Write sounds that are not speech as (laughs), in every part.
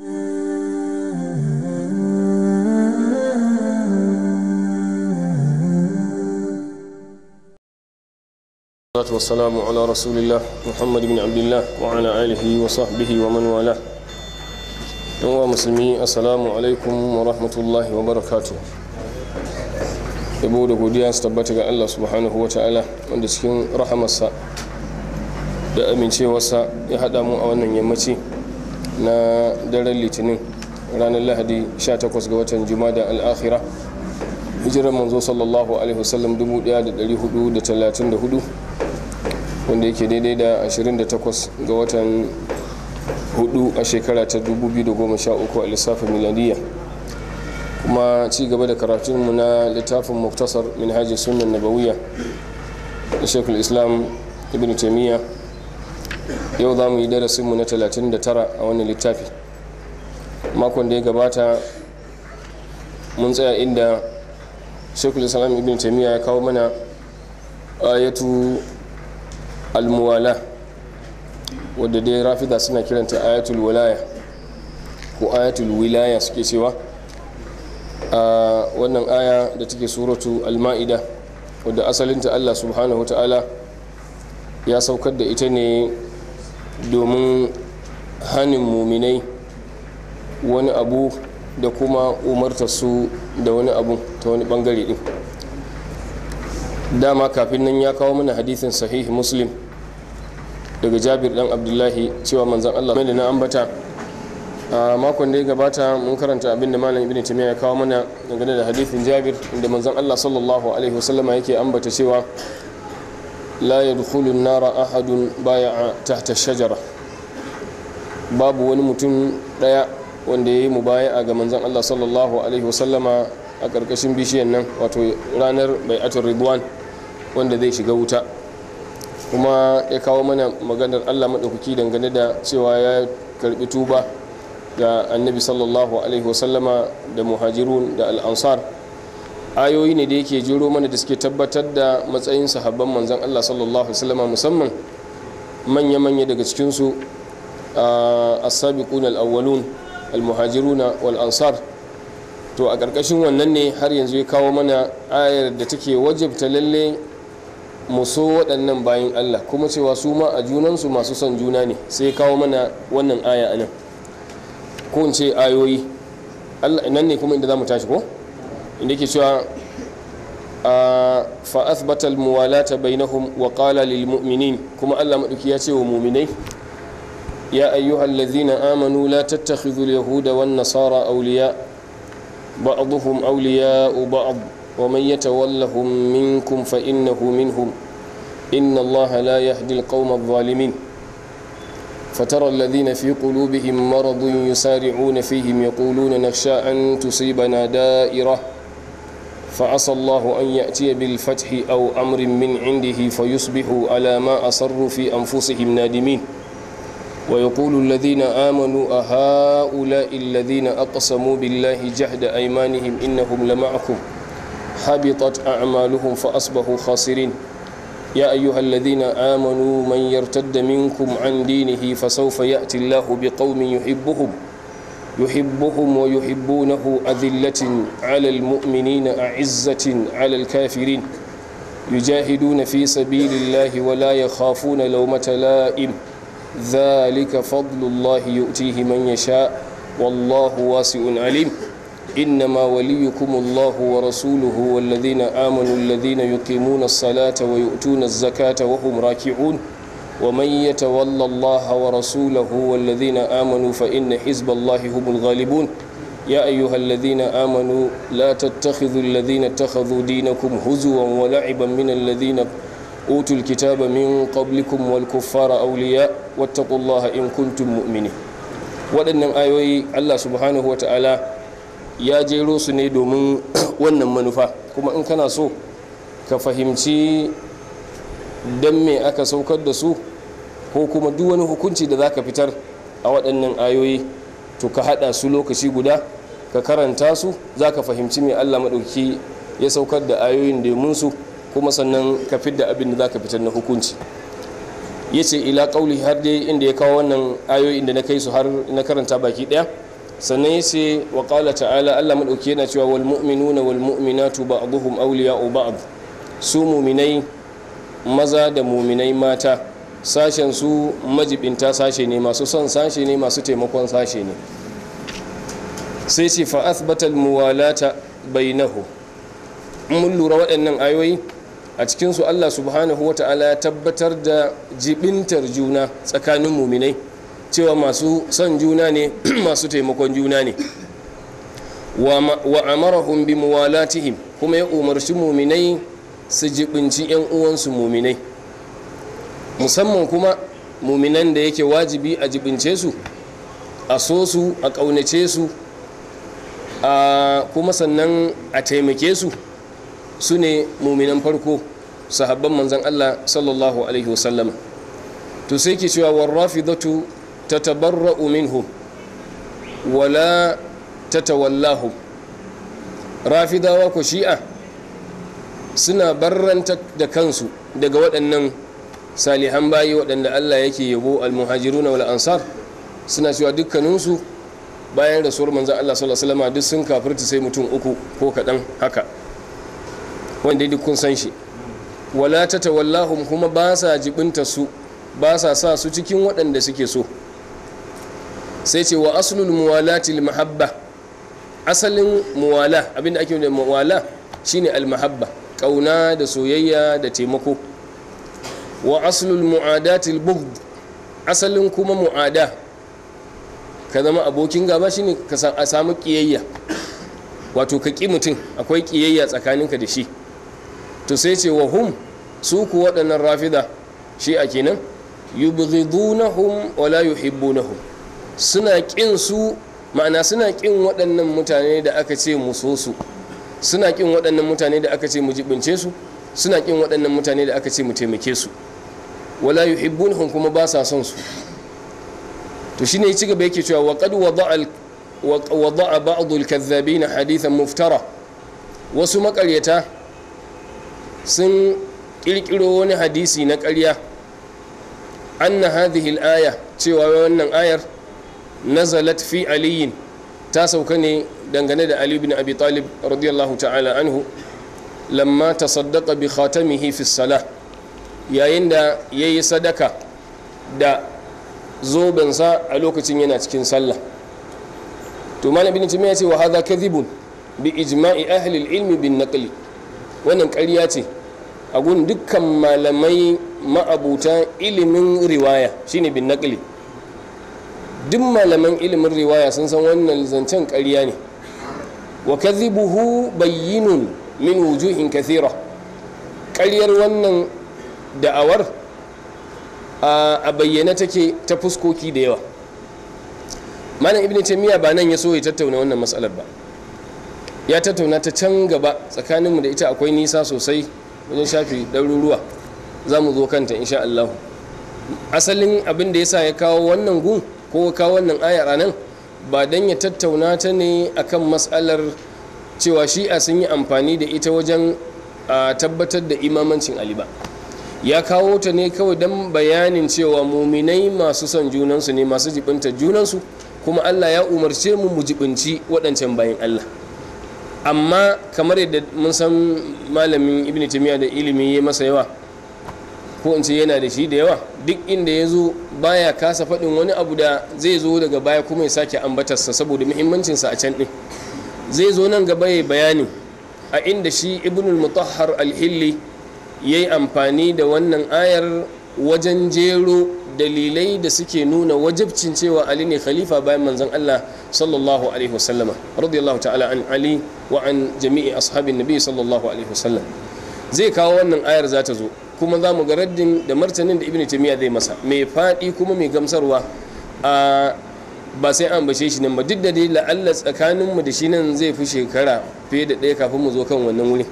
salatu wassalamu ala rasulillah muhammad bin abdullah wa ala alihi wa sahbihi wa man wala yan wa musulmi assalamu alaikum wa rahmatullahi wa barakatu yabo da godiya su tabbata ga Allah subhanahu wa ta'ala wanda cikin rahamarsa da amincewarsa ya haɗa mu a wannan yammaci na daren litinin ranar lahadi 18 ga watan jumada al'akhira hijirar manzo sallallahu alaihi wasallam 1434 wanda yake daidai da 28 ga watan hudu a shekara ta 2013 a lissafin miladiyya kuma ci gaba da karatunmu na littafin muktasar min hajji sunan nabawiyya da shekul islam ibn taimiyya yau za mu yi darasinmu na 39 a wannan littafi makon da ya gabata mun tsaya inda shekul islam ibn taimiyya ya kawo mana ayatu almuwala wadda dai rafida suna kiranta ayatul walaya ko ayatul wilaya suke cewa a wannan aya da take suratu alma'ida wadda asalinta allah subhanahu wa ta'ala ya saukar da ita ne domin hannun muminai wani abu da kuma umarta su da wani abu ta wani bangare din dama kafin nan ya kawo mana hadisin sahihi muslim daga jabir dan abdullahi cewa manzan allah mai da na ambata a makon da ya gabata mun karanta abin da malam ibn tamiya ya kawo mana dangane da hadisin jabir inda manzan allah sallallahu alaihi wasallama yake ambata cewa la yadkhulu an-nara ahadun baya'a tahta shajara babu wani mutum daya wanda yayi mubaya'a ga manzon Allah sallallahu alaihi wasallama a karkashin bishiyar nan wato ranar bai'atul ridwan wanda zai shiga wuta kuma ya kawo mana maganar Allah madaukaki dangane da cewa ya karɓi tuba ga annabi sallallahu alaihi wasallama da muhajirun da al-ansar ayoyi ne da yake jiro mana da suke tabbatar da matsayin sahabban manzan Allah sallallahu alaihi musamman manya-manya daga cikinsu su sabiqun al-awwalun al-muhajiruna wal ansar to a ƙarƙashin wannan ne har yanzu ya kawo mana ayar da take wajibta lalle mu so waɗannan bayan Allah kuma cewa su ma a junansu masu son juna ne sai ya kawo mana wannan aya anan ko in ce ayoyi nan ne kuma inda za mu tashi ko inda yake cewa fa athbata almuwalata bainahum wa qala lil mu'minin kuma Allah maduki ya ce wa mu'minai ya ayyuhal ladzina amanu la tattakhidhu al yahuda wan nasara awliya ba'dhum awliya ba'd wa man yatawallahum minkum fa innahu minhum inna Allah la yahdi al qawma adh-dhalimin فترى الذين في قلوبهم مرض يسارعون فيهم يقولون نخشى أن تصيبنا دائرة فعسى الله أن يأتي بالفتح أو أمر من عنده فيصبحوا على ما أصروا في أنفسهم نادمين ويقول الذين آمنوا أهؤلاء الذين أقسموا بالله جهد أيمانهم إنهم لمعكم حبطت أعمالهم فأصبحوا خاسرين يا أيها الذين آمنوا من يرتد منكم عن دينه فسوف يأتي الله بقوم يحبهم يحبهم ويحبونه أذلة على المؤمنين أعزة على الكافرين يجاهدون في سبيل الله ولا يخافون لومة لائم ذلك فضل الله يؤتيه من يشاء والله واسع عليم إنما وليكم الله ورسوله والذين آمنوا الذين يقيمون الصلاة ويؤتون الزكاة وهم راكعون ومن يتولى الله ورسوله والذين آمنوا فإن حزب الله هم الغالبون يا أيها الذين آمنوا لا تتخذوا الذين اتخذوا دينكم هزوا ولعبا من الذين أوتوا الكتاب من قبلكم والكفار أولياء واتقوا الله إن كنتم مؤمنين waɗannan ayoyi Allah subhanahu wa ta'ala ya jero su ne domin wannan manufa kuma in kana so ka fahimci don me aka saukar da su ko kuma duk wani hukunci da za ka fitar a waɗannan ayoyi to ka haɗa su lokaci guda ka karanta su zaka fahimci me Allah maɗauki ya saukar da ayoyin domin su kuma sannan ka fidda abin da zaka fitar na hukunci ya ce ila kauli har dai inda ya kawo wannan ayoyin da na kai su har na karanta baki ɗaya sannan ya ce wa kala ta'ala allah maɗauki yana cewa wal mu'minuna wal mu'minatu ba'duhum awliya'u ba'd su muminai maza da muminai mata sashen su majibinta sashe ne masu son sashe ne masu taimakon sashe ne sai ce fa'athbatal muwalata bainahu mun lura waɗannan ayoyi a cikinsu allah subhanahu wa ta'ala ya tabbatar da jibintar juna tsakanin muminai cewa masu son juna ne (clears throat) masu taimakon juna ne wa amarahum bi muwalatihim kuma ya umarci muminai su jibinci 'yan uwansu muminai musamman kuma muminan da yake wajibi a jibince su a so su a kaunace su a kuma sannan a taimake su su ne muminan farko sahabban manzan Allah sallallahu alaihi wasallam to sai ke cewa warrafidatu tatabarra'u minhum wala tatawallahu rafidawa ku shi'a suna barranta da kansu daga waɗannan salihan bayi waɗanda Allah yake yabo almuhajiruna wal ansar suna cewa dukkaninsu bayan rasuwar manzan Allah sallallahu alaihi duk sun kafirta sai mutum uku ko kaɗan haka wanda duk kun san shi wala tatawallahum kuma ba sa jibinta su ba sa sa su cikin waɗanda suke so sai ce wa aslul muwalati mahabba asalin muwala abinda ake da muwala shine almahabba kauna da soyayya da taimako wa aslul mu'adatil bughd asalin kuma mu'ada ka zama abokin gaba shine ka samu kiyayya wato ka ki mutum akwai kiyayya tsakaninka da shi to sai ce wa hum su ku waɗannan rafida shi a kenan yubghidunahum wa la yuhibbunahum suna kin su ma'ana suna kin waɗannan mutane da aka ce mu so su suna kin waɗannan mutane da aka ce mu jibince su suna kin waɗannan mutane da aka ce mu taimake su wala hun kuma ba sa son su to ne ya ci gaba yake cewa wa qad wada'a a ba'd al na hadithan muftara wasu makaryata sun kirkiro wani hadisi na ƙarya anna hadhihi al-aya cewa wannan ayar nazalat fi aliyin ta sauka ne dangane da ali bin abi talib radiyallahu ta'ala anhu lamma tasaddaqa bi khatamihi fi salah yayin da ya yi sadaka da zobinsa a lokacin yana cikin sallah to mana ibn timiya ce wa ka kadhibun bi ijma'i ahlil ilmi bin naqli wannan ƙarya ce a gun dukkan malamai ma'abuta ilimin riwaya shine bin naqli duk malaman ilimin riwaya sun san wannan zancen ƙarya ne wa kazibuhu bayyinun min wujuhin kathira ƙaryar wannan da'awar a bayyana take ta fuskoki da yawa malam ibn taimiyya ba nan ya so ya tattauna wannan matsalar ba ya tattauna ta can gaba tsakaninmu da ita akwai nisa sosai wajen shafi ɗaruruwa za mu zo kanta insha Allah asalin abin da sa ya kawo wannan gun ko kawo wannan ayar nan ba don ya tattauna ta ne akan matsalar cewa shi'a sun yi amfani da ita wajen a tabbatar da imamancin ali ba ya kawo ta ne kawai don bayanin cewa muminai masu son junansu ne masu jibinta junansu kuma allah ya umarce mu mu jibinci waɗancan bayan allah amma kamar yadda mun san malamin ibn timiya da ilimi ya masa yawa ko in ce yana da shi da yawa duk inda ya zo baya kasa faɗin wani abu da zai zo daga baya kuma ya sake ambatarsa saboda muhimmancinsa a can ɗin zai zo nan gaba ya bayani a inda shi ibnul mutahhar hilli ya yi amfani da wannan ayar wajen jero dalilai da suke nuna wajibcin cewa ali ne khalifa bayan manzon Allah sallallahu alaihi wasallama radiyallahu ta'ala an ali wa an jami'i ashabin nabi sallallahu alaihi wasallam zai kawo wannan ayar za ta zo kuma za mu ga raddin da martanin da ibnu taymiya zai masa mai fadi kuma mai gamsarwa a ba sai an bashe shi nan ba duk da dai la'alla tsakaninmu da shi nan zai fi shekara fiye da ɗaya kafin mu zo kan wannan wurin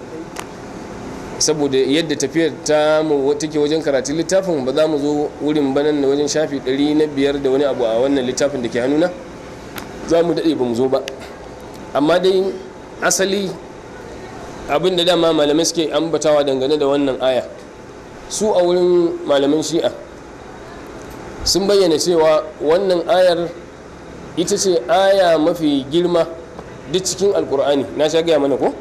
saboda yadda tafiyar ta take wajen karatun littafin ba za mu zo wurin banan na wajen shafi ɗari na biyar da wani abu a wannan littafin da ke hannuna za mu daɗe ba mu zo ba amma dai asali abin da dama malamai suke ambatawa dangane da wannan aya su a wurin malaman shi'a sun bayyana cewa wannan ayar ita ce aya mafi girma duk cikin alkur'ani na sha gaya mana ko?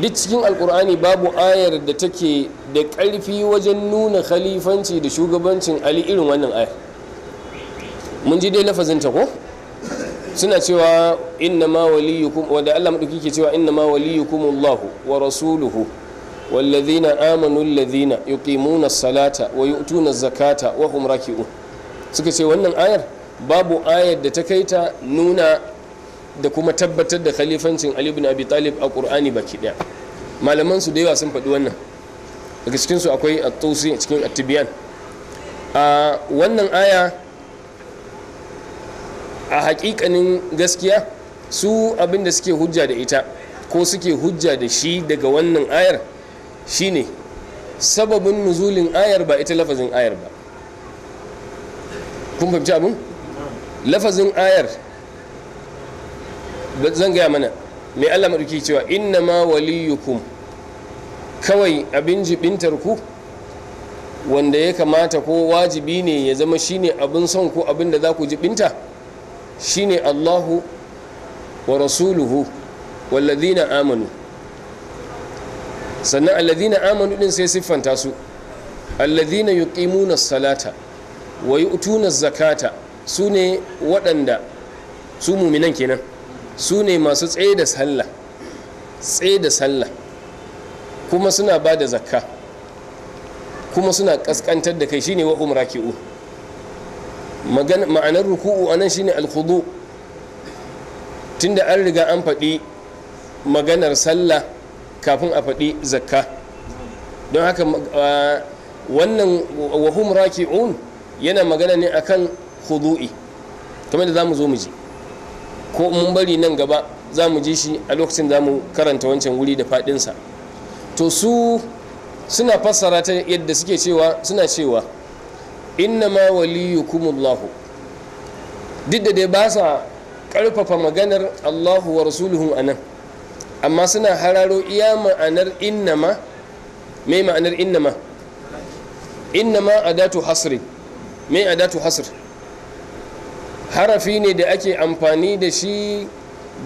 duk cikin alkur'ani babu ayar da take da ƙarfi wajen nuna khalifanci da shugabancin ali irin wannan ayar mun ji dai ta ko suna cewa inna ma waliyukum da Allah madauki ke cewa inna ma waliyukum Allah wa rasuluhu والذين آمنوا الذين يقيمون الصلاة ويؤتون الزكاة وهم راكعون suka ce wannan ayar babu ayar da ta kai ta nuna da kuma tabbatar da khalifancin ali ibn abi talib a qur'ani baki daya malaman su da yawa sun faɗi wannan daga cikin su akwai at-tusi cikin at-tibyan a wannan aya a hakikanin gaskiya su abinda suke hujja da ita ko suke hujja da shi daga wannan ayar shine sababin nuzulin ayar ba ita lafazin ayar ba kun fahimci abin lafazin ayar zan gaya mana mai Allah maɗauki cewa inna ma waliyukum kawai abin jibintar ku wanda ya kamata ko wajibi ne ya zama shine abin son ko abin da za ku jibinta shine Allahu wa rasuluhu wallazina amanu sannan allazina amanu din sai siffanta su allazina yuqimuna salata wa yu'tuna zakata su ne waɗanda su muminan kenan su ne masu tsaye da sallah tsaye da sallah kuma suna ba da zakka kuma suna kaskantar da kai shine wa umra ki'u ma'anar ruku'u anan shine tun tunda an riga an faɗi maganar sallah kafin a faɗi zakka don haka wannan wahum raki'un yana magana ne akan hudu'i kamar da za mu zo mu ji ko mun bari nan gaba za mu ji shi a lokacin za mu karanta wancan wuri da faɗinsa to su suna fassara ta yadda suke cewa suna cewa inna ma innama allahu duk da dai ba sa ƙarfafa maganar allahu wa rasuluhu a nan amma suna hararo iya ma'anar ma mai ma'anar innama a adatu hasri mai adatu hasri harafi ne da ake amfani da shi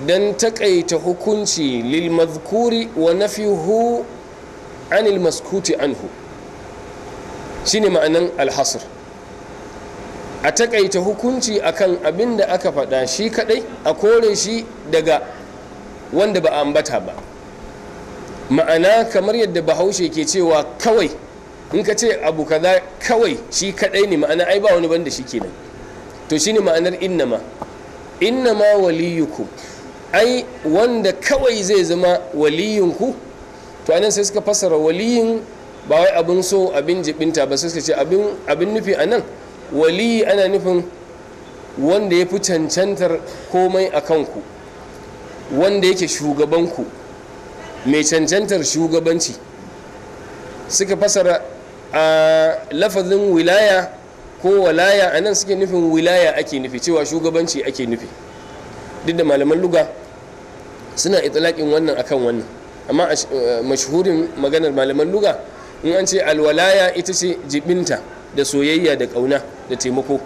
don takaita hukunci lil mazkuri wa nafihu anil maskuti anhu shine ma'anan alhasr a takaita hukunci akan abin da aka faɗa shi kadai a kore shi daga wanda ba a ambata ba ma'ana kamar yadda bahaushe ke cewa kawai in ka ce abu kaza kawai shi kadai ne ma'ana ai ba wani banda shi kenan to shine ma'anar innama innama waliyukum ai wanda kawai zai zama waliyinku to anan sai suka fassara waliyin ba wai abin so abin jibinta ba sai suka ce abin nufi anan waliyi ana nufin wanda ya fi cancantar komai a kanku wanda yake shugabanku mai cancantar shugabanci suka fasara a ah, lafazin wilaya ko walaya a nan suke nufin wilaya ake nufi cewa shugabanci ake nufi duk da malaman luga suna itilaƙin wannan akan wannan amma eh, mashhurin maganar malaman luga in an ce alwalaya ita ce jibinta da soyayya da ƙauna da taimako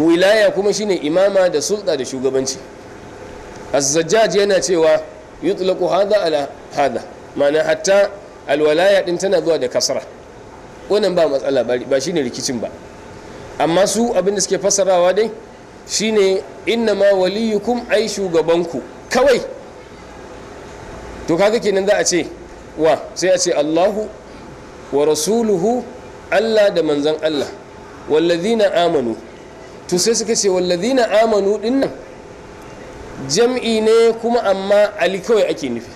wilaya kuma shine imama da sulɗa da shugabanci azzajjaj yana cewa yutlaqu hada ala hada ma'ana hatta alwalaya din tana zuwa da kasara wannan ba matsala ba shine rikicin ba amma su abin da suke fasarawa dai shine inna ma waliyukum ai shugabanku kawai to kaga kenan za a ce wa sai a ce Allahu wa rasuluhu Allah da manzan Allah wallazina amanu to sai suka ce wallazina amanu dinnan jam'i ne kuma amma ali kawai ake nufi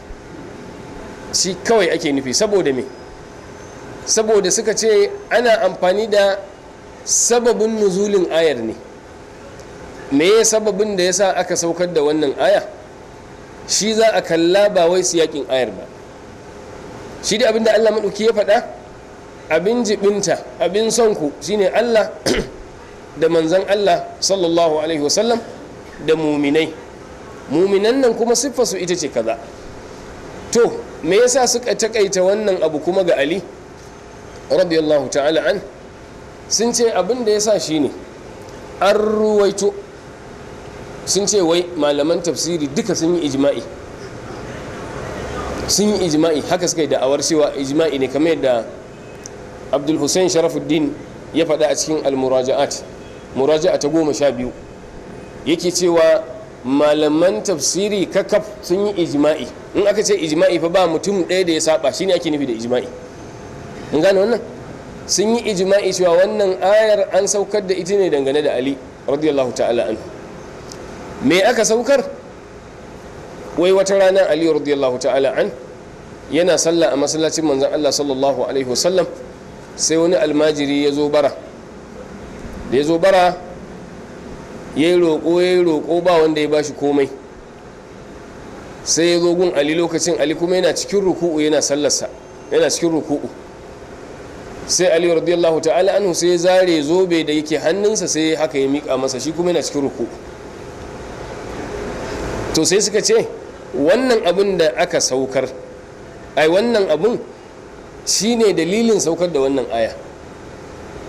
shi kawai ake nufi saboda me saboda suka ce ana amfani da sababin nuzulin ayar ne me ya sababin da yasa aka saukar da wannan aya shi za a kalla ba wai su yakin ayar ba shi da abinda Allah maɗauki ya faɗa abin jibinta abin son ku shine Allah (clears throat) da manzan Allah sallallahu alaihi wasallam da muminai muminan nan kuma su ita ce kaza to me yasa suka takaita wannan abu kuma ga Ali radiyallahu ta'ala an sun ce abin da ya sa shi ne an ruwaito sun ce wai malaman tafsiri duka sun yi ijima'i sun yi ijima'i haka suka yi da'awar cewa ijima'i ne kamar yadda abdul hussein sharafuddin ya faɗa a cikin almuraja'at muraja'a ta goma sha biyu yake cewa malaman tafsiri kakaf sun yi ijima'i in aka ce ijima'i fa ba mutum ɗaya da ya saba shine ake nufi da ijima'i in gane wannan sun yi ijma'i cewa wannan ayar an saukar da ita ne dangane da ali radiyallahu ta'ala an. me aka saukar wai wata rana ali radiyallahu ta'ala an yana sallah a masallacin manzan Allah sallallahu alaihi wasallam sai wani almajiri ya zo bara da ya zo bara ya yi roƙo ya yi roƙo ba wanda ya bashi komai sai ya zo gun ali lokacin ali kuma yana cikin ruku'u yana sallarsa yana cikin ruku'u sai ali radiyallahu ta'ala anhu sai zare zobe da yake hannunsa sai haka ya mika masa shi kuma yana cikin ruku to sai suka ce wannan abin da aka saukar ai wannan abin shine dalilin saukar da wannan aya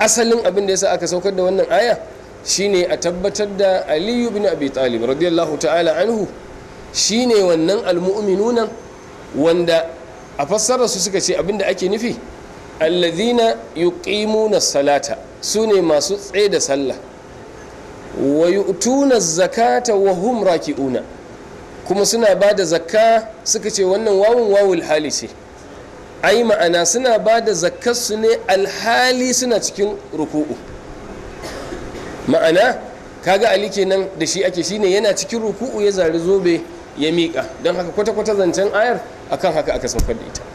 asalin abin da yasa aka saukar da wannan aya shine a tabbatar da aliyu bin abi talib radiyallahu ta'ala anhu shine wannan almu'minuna wanda a fassararsu suka ce abin da ake nufi allazina yuqimuna salata sune masu tsaye da sallah wa yu'tuna zakata wa hum raki'una kuma suna bada da zakka suka ce wannan wawun wawul hali ce ai ma'ana suna ba da zakkarsu ne alhali suna cikin ruku'u ma'ana kaga ali kenan da shi ake shine yana cikin ruku'u ya zari zobe ya miƙa don haka kwata-kwata zancen ayar akan haka aka saukar da ita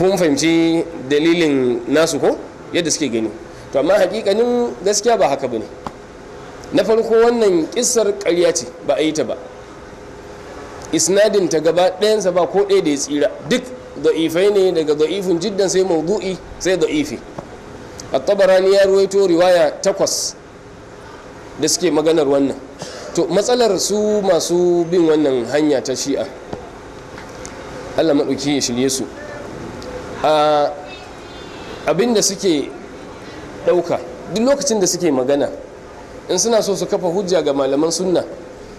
kun fahimci dalilin nasu ko yadda suke gani to amma hakikanin gaskiya ba haka bane na farko wannan kissar karya ce ba a yi ta ba isnadin ta gaba ɗayansa ba ko ɗaya da ya tsira duk da'ifai ne daga da'ifin jiddan sai maudu'i sai da'ifi at-tabarani ya ruwaito riwaya takwas da suke maganar wannan to matsalar su masu bin wannan hanya ta shi'a Allah maɗauki ya shirye su abin da suke ɗauka duk lokacin da suke magana in suna so su kafa hujja ga malaman sunna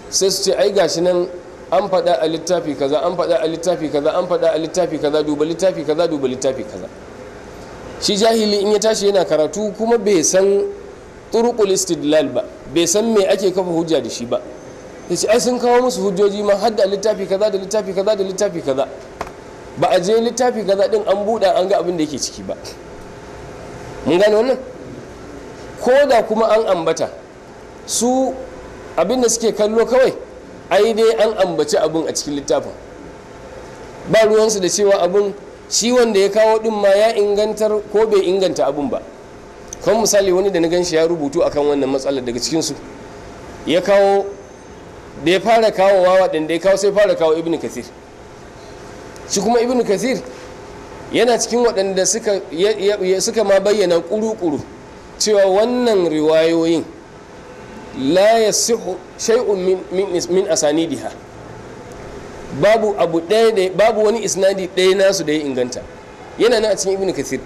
sai su ce ai gashi nan an faɗa a littafi kaza an faɗa a littafi kaza an faɗa a littafi kaza duba littafi kaza duba littafi kaza shi jahili in ya tashi yana karatu kuma bai san turuqul istidlal ba bai san me ake kafa hujja da shi ba yace ai sun kawo musu hujjoji ma har da littafi kaza da littafi kaza da littafi kaza ba a je littafi kaza din an buɗa an ga abin da yake ciki ba mun gane wannan ko da kuma an ambata su abin da suke kallo kawai ai dai an ambaci abin a cikin littafin ba ruwansu da cewa abin shi wanda ya kawo din ma ya ingantar ko bai inganta abin ba kan misali wani da na gan shi ya rubutu akan wannan matsalar daga cikinsu ya kawo da ya fara kawo wawa da ya kawo sai fara kawo ibn kathir shi kuma ibn kathir yana cikin waɗanda suka ma bayyana ƙuru-ƙuru cewa wannan riwayoyin la ya shai'un min a babu abu ɗaya babu wani isnadi ɗaya nasu da ya inganta yana nan a cikin ibn kathir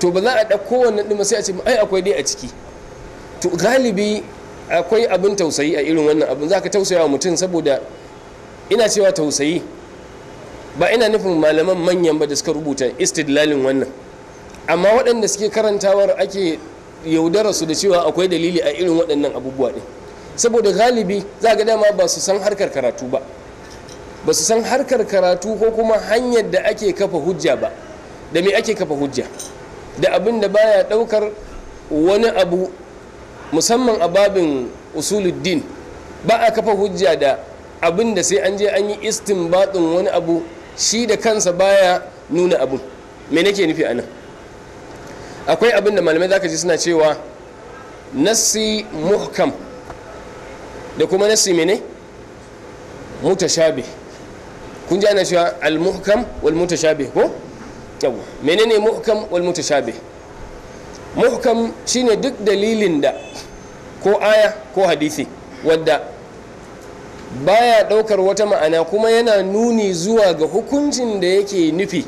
to ba za a ɗauko wannan ɗin sai a ce ai akwai dai a ciki to galibi akwai abin tausayi a irin wannan abin za ka tausaya wa mutum saboda ina cewa tausayi ba ina nufin malaman manyan ba da suka rubuta istidlalin wannan amma waɗanda suke karantawar ake yaudara su da cewa akwai dalili a irin waɗannan abubuwa ɗin saboda galibi za ga dama ba su san harkar karatu ba ba su san harkar karatu ko kuma hanyar da ake kafa hujja ba da me ake kafa hujja da abin da baya ɗaukar wani abu musamman a babin usuluddin ba a kafa hujja da abin da sai an je an yi istin wani abu shi da kansa baya nuna abun me nake nufi anan akwai abin da malamai zaka ji suna cewa nassi muhkam da kuma nassi mene mutashabih kun ji ana cewa al-muhkam wal mutashabih ko yawa menene muhkam wal mutashabih muhkam shine duk dalilin da ko aya ko hadisi wadda baya ɗaukar wata ma'ana kuma yana nuni zuwa ga hukuncin da yake nufi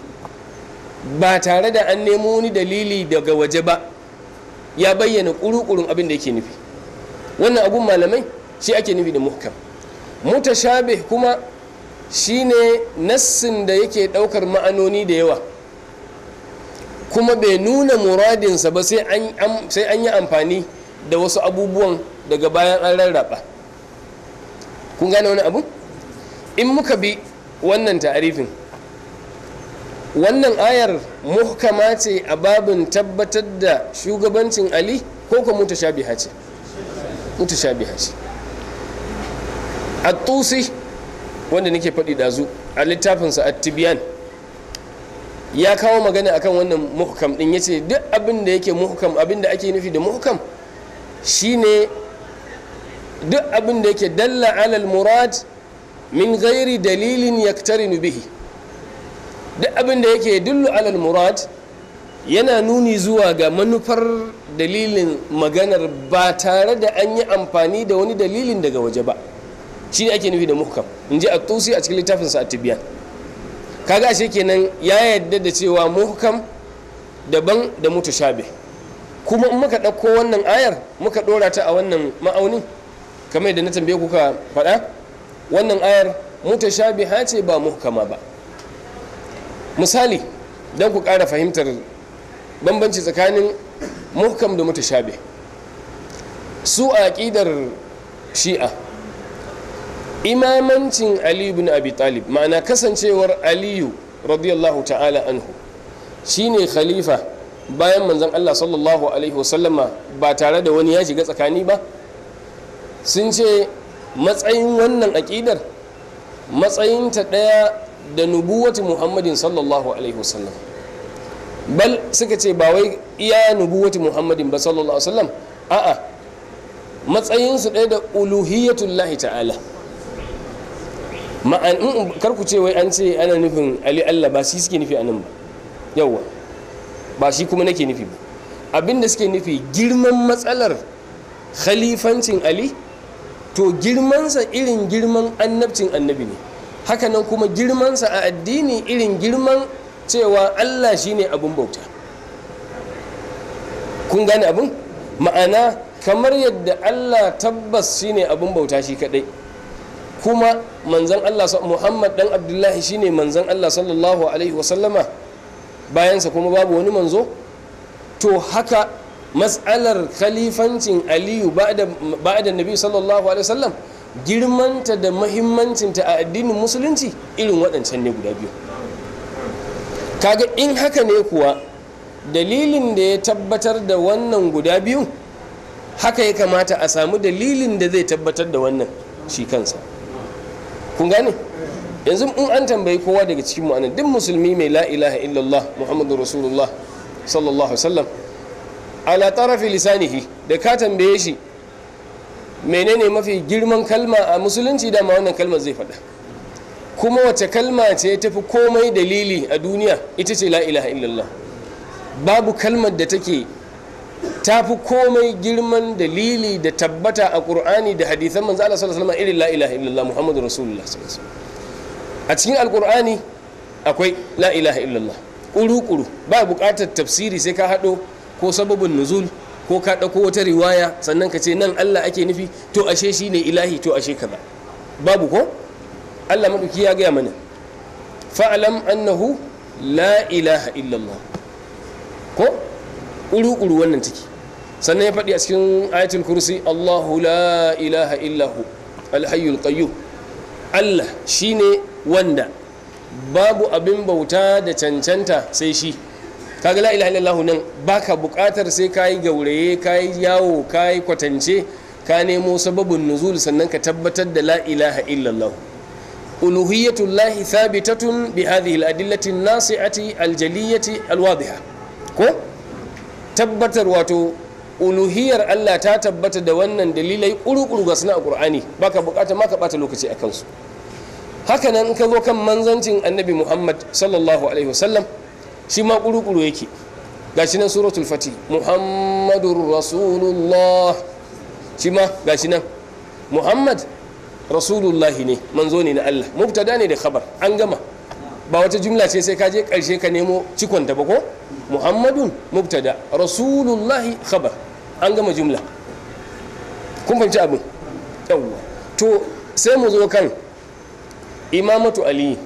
ba tare da an nemo wani dalili daga waje ba ya bayyana kurukurun abin da yake nufi wannan abun malamai shi ake nufi da muhkam mutashabih kuma shine nassin da yake ɗaukar ma'anoni da yawa kuma bai nuna muradinsa ba sai an yi amfani da wasu abubuwan daga bayan an rarraba kun gane wani abu in muka bi wannan ta'arifin wannan ayar muhkama ce a babin tabbatar da shugabancin ali ko ko mutashabiha ce mutashabiha ce at-tusi wanda nake faɗi dazu a littafin sa tibyan ya kawo magana akan wannan muhkam din yace duk abin da yake muhkam abin da ake nufi da muhkam shine duk abin da yake dalla alal murad min ghairi dalilin yaktarinu bihi duk abin da yake dullu alal murad yana nuni zuwa ga manufar dalilin maganar ba tare da an yi amfani da wani dalilin daga waje ba shi ake nufi da muhkam in ji atusi a cikin littafin sa tibiyan kaga ashe kenan ya yadda da cewa muhkam daban da mutashabih kuma in muka ɗauko wannan ayar muka ɗora ta a wannan ma'aunin kamar yadda na tambaye kuka faɗa wannan ayar mutashabiha ce ba muhkama ba misali don ku ƙara fahimtar bambanci tsakanin muhkam da shabi su a ƙidar shi'a imamancin aliyu bin abi talib ma'ana kasancewar aliyu radiyallahu ta'ala anhu shine khalifa bayan manzon allah sallallahu alaihi wasallama ba tare da wani ya shiga tsakani ba sun ce matsayin wannan aƙidar matsayinta ɗaya da nubuwatu muhammadin sallallahu alaihi wasallam bal suka ce ba wai iya nubuwatu muhammadin ba sallallahu alaihi wasallam a'a matsayinsu ɗaya da uluhiyatullahi ta'ala ma'an kar ku ce wai an ce ana nufin ali allah ba shi suke nufi anan ba yawwa ba shi kuma nake nufi ba abinda suke nufi girman matsalar khalifancin ali to girmansa irin girman annabcin annabi ne hakanan kuma girmansa a addini irin girman cewa allah shine abin bauta kun gane abin ma'ana kamar yadda allah tabbas shine abin bauta shi kadai kuma manzan allah muhammad dan abdullahi shine manzan allah sallallahu alaihi wasallama bayansa kuma babu wani manzo to haka matsalar khalifancin aliyu ba da nabi sallallahu alaihi wasallam girmanta da mahimmancinta a addinin musulunci irin waɗancan ne guda biyu kaga in haka ne kuwa dalilin da ya tabbatar da wannan guda biyu haka ya kamata a samu dalilin da zai tabbatar da wannan shi kansa kun gane yanzu in an tambayi kowa daga cikin mu'anan duk musulmi mai la ilaha illallah muhammadu rasulullah sallallahu alaihi wasallam ala tarafi lisanihi da ka tambaye shi menene mafi girman kalma a musulunci dama wannan kalmar zai faɗa kuma wace kalma ce ta fi komai dalili a duniya ita ce la ilaha illallah babu kalmar da take ta fi komai girman dalili da tabbata a ƙur'ani da hadithan manzo Allah sallallahu alaihi irin la ilaha illallah Muhammadu Rasulullah sallallahu alaihi a cikin alƙur'ani akwai la ilaha illallah ƙuru-ƙuru ba buƙatar tafsiri sai ka haɗo ko sababin nuzul ko ka ɗauko wata riwaya sannan ka ce nan Allah ake nufi to ashe shi ne ilahi to ashe kaza babu ko Allah maɗauki ya gaya mana fa'alam annahu la ilaha illallah ko ƙuru-ƙuru wannan take sannan ya faɗi a cikin ayatul kursi Allahu la ilaha illahu alhayyul qayyum Allah shine wanda babu abin bauta da cancanta sai shi kaga la ilaha illallah nan baka bukatar sai kayi gauraye kayi yawo kayi kwatance ka nemo sababin nuzul sannan ka tabbatar da la ilaha illallah uluhiyatullahi thabitatun bi hadhihi al-adillati an-nasi'ati al-jaliyati al wadhiha ko tabbatar wato uluhiyar Allah ta tabbata da wannan dalilai kurukuru ga suna Qur'ani baka bukata ma ka bata lokaci akan su haka nan ka zo kan manzancin Annabi Muhammad sallallahu alaihi wasallam shi ma ƙuruƙuru yake Ga shi nan suratul fati muhammadur rasulullah shi ma ga shi nan muhammad rasulullah ne manzo ne na allah mubtada ne da khabar an gama ba wata jumla ce sai ka je karshe ka nemo cikon ta ba ko muhammadun mubtada rasulullah khabar an gama jumla kun fahimci abin yawwa to sai mu zo kan imamatu ali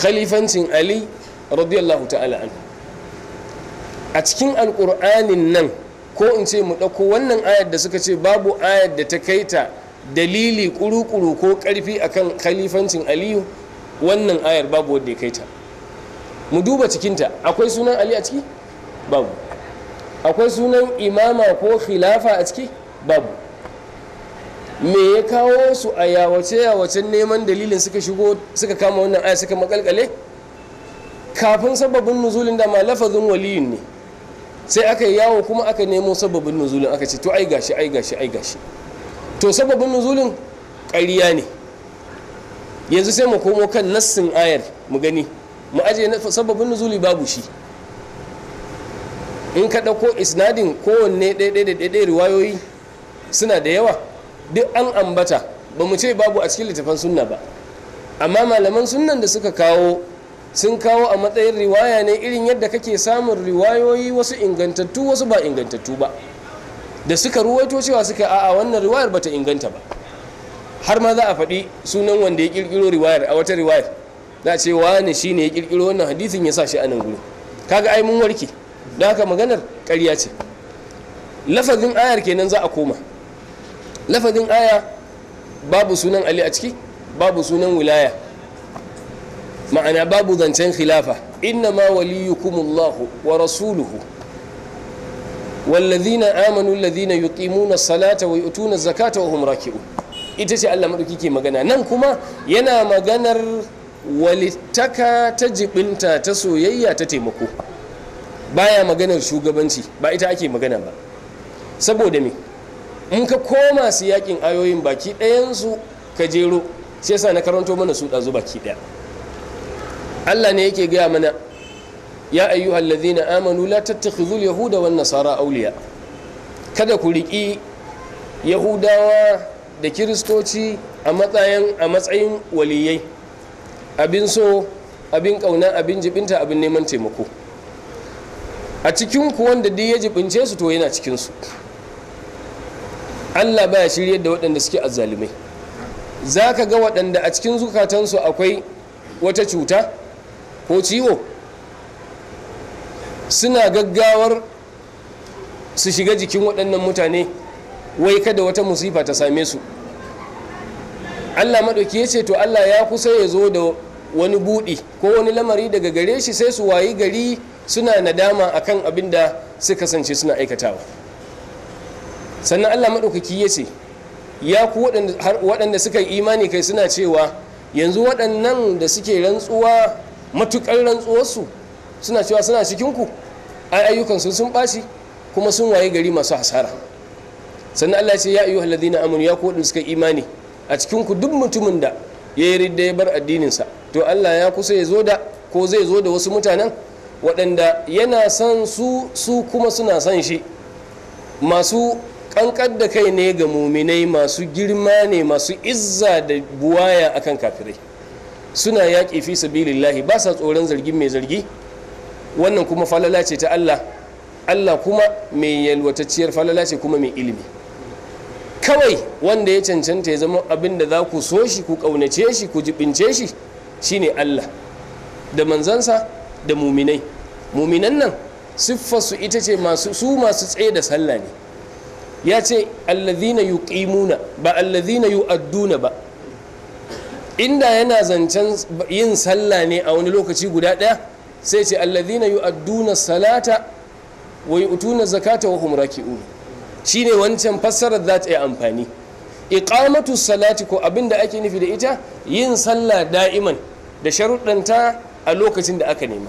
khalifancin ali radiyallahu ta'ala an a cikin alƙur'anin nan ko in ce mu ɗauko wannan ayar da suka ce babu ayar da ta kai ta dalili ƙuruƙuru ko ƙarfi akan khalifancin aliyu wannan ayar babu wadda ya kai ta mu duba cikinta akwai sunan ali a ciki babu akwai sunan imama ko khilafa a ciki babu me ya kawo su a yawace yawacen neman dalilin suka shigo suka kama wannan ayar suka makalkale kafin sababin nuzulin da ma lafazin waliyun ne sai aka yi yawo kuma aka nemo sababin nuzulin aka ce to ai gashi ai gashi ai gashi to sababin nuzulin ƙarya ne yanzu sai mu komo kan nassin ayar mu gani mu aje sababin nuzuli babu shi in ka ɗauko isnadin kowanne ɗaiɗai da ɗaiɗai riwayoyi suna da yawa duk an ambata ba mu ce babu a cikin littafan sunna ba amma malaman sunnan da suka kawo sun kawo a matsayin riwaya ne irin yadda kake samun riwayoyi wasu ingantattu wasu ba ingantattu ba da suka ruwaito cewa suka a'a wannan riwayar bata inganta ba har ma za a faɗi sunan wanda ya kirkiro riwayar a wata riwayar za a ce wani shine ya kirkiro wannan hadisin ya sa shi a nan gudu kaga ai mun warke da haka maganar ƙarya ce lafazin ayar kenan za a koma lafazin aya babu sunan ali a ciki babu sunan wilaya ma'ana babu zancen khilafa inna ma waliyukumullahu wa rasuluhu wallazina amanu allazina yuqimuna salata wa yu'tuna zakata wa hum raki'un ita ce Allah madauki ke magana nan kuma yana maganar walittaka ta jibinta ta soyayya ta taimako baya maganar shugabanci ba ita ake magana ba saboda me in ka koma su yakin ayoyin baki ɗayansu ka jero sai yasa na karanto mana su ɗazu baki ɗaya Allah ne yake gaya mana ya ayyu ladhina amanu la tattakhidhu al-yahuda wan nasara awliya kada ku riƙi yahudawa da kiristoci a matsayin a matsayin waliyai abin so abin kauna abin jibinta abin neman taimako a cikin ku wanda duk ya jibince su to yana cikin su Allah baya shiryar da waɗanda suke azzalumai ka ga waɗanda a cikin zukatansu akwai wata cuta ko ciwo suna gaggawar su shiga jikin waɗannan mutane wai kada wata musifa ta same su allah maɗauki ya ce to allah ya kusa ya zo da wani buɗi ko wani lamari daga gare shi sai su wayi gari suna nadama akan abin da suka kasance suna aikatawa sannan allah maɗaukaki ya ce ya ku waɗanda suka yi imani kai suna cewa yanzu waɗannan da suke rantsuwa matukar rantsuwarsu suna cewa suna cikinku ai ayyukansu sun ɓaci kuma sun waye gari masu hasara sannan Allah ya ce ya ayyuhal ladina amanu ya ku suka imani a cikin ku duk mutumin da ya yi ridda ya bar addinin sa to Allah ya kusa ya zo da ko zai zo da wasu mutanen waɗanda yana son su su kuma suna son shi masu kankar da kai ne ga muminai masu girma ne masu izza da buwaya akan kafirai suna yaƙi fi sabilillahi ba sa tsoron zargin mai zargi wannan kuma falala ce ta Allah Allah kuma mai yalwatacciyar falala ce kuma mai ilimi kawai wanda ya cancanta ya zama abin da za ku so shi ku ƙaunace shi ku jibince shi shi ne Allah da manzansa da muminai muminan nan siffarsu ita ce su masu tsaye da sallah ne ya ce allazina yuqimuna ba allazina yu'adduna ba inda yana zancen yin sallah ne a wani lokaci guda ɗaya sai ce yi yu'adduna salata wa utuna zakata wa hum shi shine wancan fassarar za ta yi amfani iqamatu salati ko abinda ake nufi da ita yin sallah da'iman da sharuɗanta a lokacin da aka nema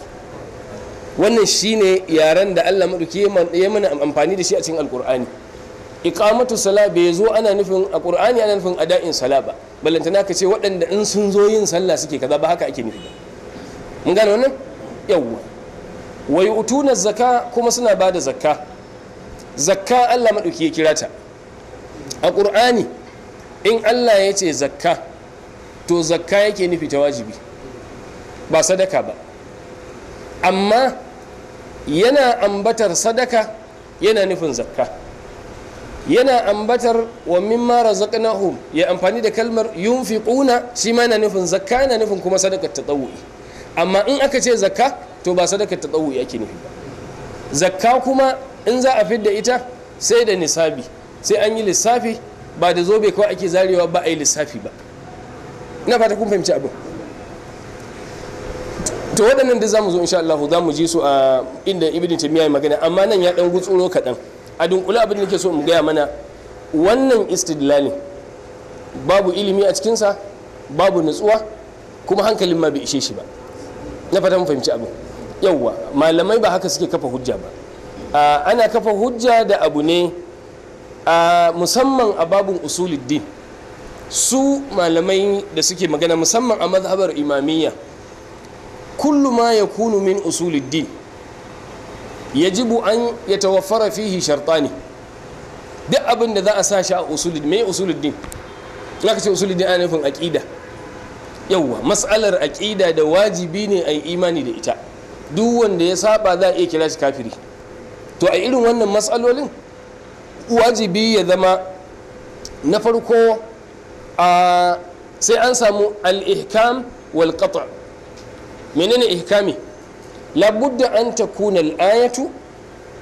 wannan shine yaren da Allah maɗuki ya mana amfani da shi a cikin alkur'ani iqamatu sala bai zo ana nufin a qur'ani ana nufin ada'in sala ba ballantana ka ce waɗanda in sun zo yin sallah suke kaza ba haka ake nufi ba mun gane wannan yawwa wa yu'tuna zakka kuma suna bada zakka zakka Allah madauki ya kira ta a qur'ani in Allah ya ce zakka to zakka yake nufi ta wajibi ba sadaka ba amma yana ambatar sadaka yana nufin zakka yana ambatar wa mimma razaqnahum ya amfani da kalmar yunfiquna shi ma yana nufin zakka yana nufin kuma sadakar tatawu'i amma in aka ce zakka to ba sadakar tatawu'i ake nufi ba zakka kuma in za a fidda ita sai da nisabi sai an yi lissafi ba da zobe kawai ake zarewa ba a yi lissafi ba ina fata kun fahimci abin to waɗannan da za mu zo insha Allah za mu ji su a inda ibn taymiya magana amma nan ya dan gutsuro kaɗan a dunkule abin da nake so mu gaya mana wannan istidlalin babu ilimi a cikinsa babu nutsuwa kuma hankalin ma bai ishe shi ba na fata mun fahimci abin yawwa malamai ba haka suke kafa hujja ba ana kafa hujja da abu ne a musamman a babun usuluddin su malamai da suke magana musamman a mazhabar imamiyya kullu ma yakunu min usuluddin yajibu an ya tawaffara fihi shartani duk abin da za a sa shi a usulid me usuluddin na ka usuluddin ana nufin aƙida yawwa matsalar aƙida da wajibi ne a yi imani da ita duk wanda ya saba za a iya kira shi kafiri to a irin wannan matsalolin wajibi ya zama na farko a sai an samu al-ihkam wal qat' menene ihkami labudda an ta al-ayatu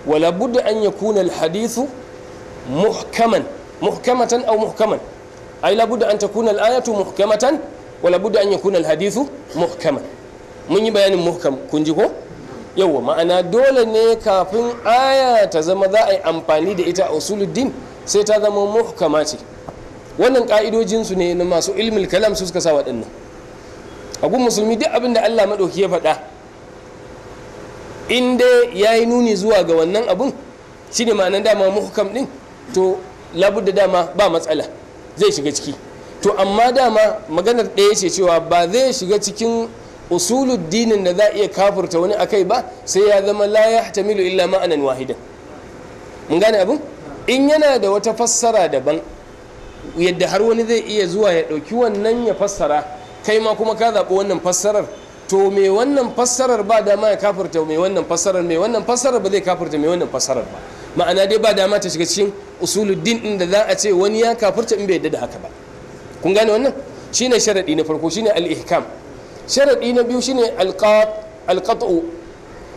wa labudda an yakuna al-hadithu muhkaman muhkamatan au muhkaman ay labudda an ta al-ayatu muhkamatan wa labudda an yakuna al-hadithu muhkaman mun yi bayanin muhkam kun ji ko yawa ma'ana dole ne kafin aya ta zama za a yi amfani da ita a usuluddin sai ta zama muhkama ce wannan ka'idojinsu ne na masu ilmin kalam su suka sa waɗannan a musulmi duk abin da allah maɗauki ya faɗa in dai ya yi nuni zuwa ga wannan abun shi ne ma'anar dama muhukam din to labudda dama ba matsala zai shiga ciki to amma dama maganar ɗaya ce cewa ba zai shiga cikin usuluddinin da za a iya kafurta wani akai ba sai ya zama la ya tamilu illa ma'anan wahidan mun gane abin in yana da wata fassara daban yadda har wani zai iya zuwa ya ɗauki wannan ya fassara kai ma kuma ka zaɓi wannan fassarar to me wannan fassarar ba dama ya kafirta me wannan fassarar me wannan fassarar ba zai kafirta me wannan fassarar ba ma'ana dai ba dama ta shiga cikin usuluddin din da za a ce wani ya kafirta in bai yadda da haka ba kun gane wannan shine sharadi na farko shine al-ihkam sharadi na biyu shine al-qat'u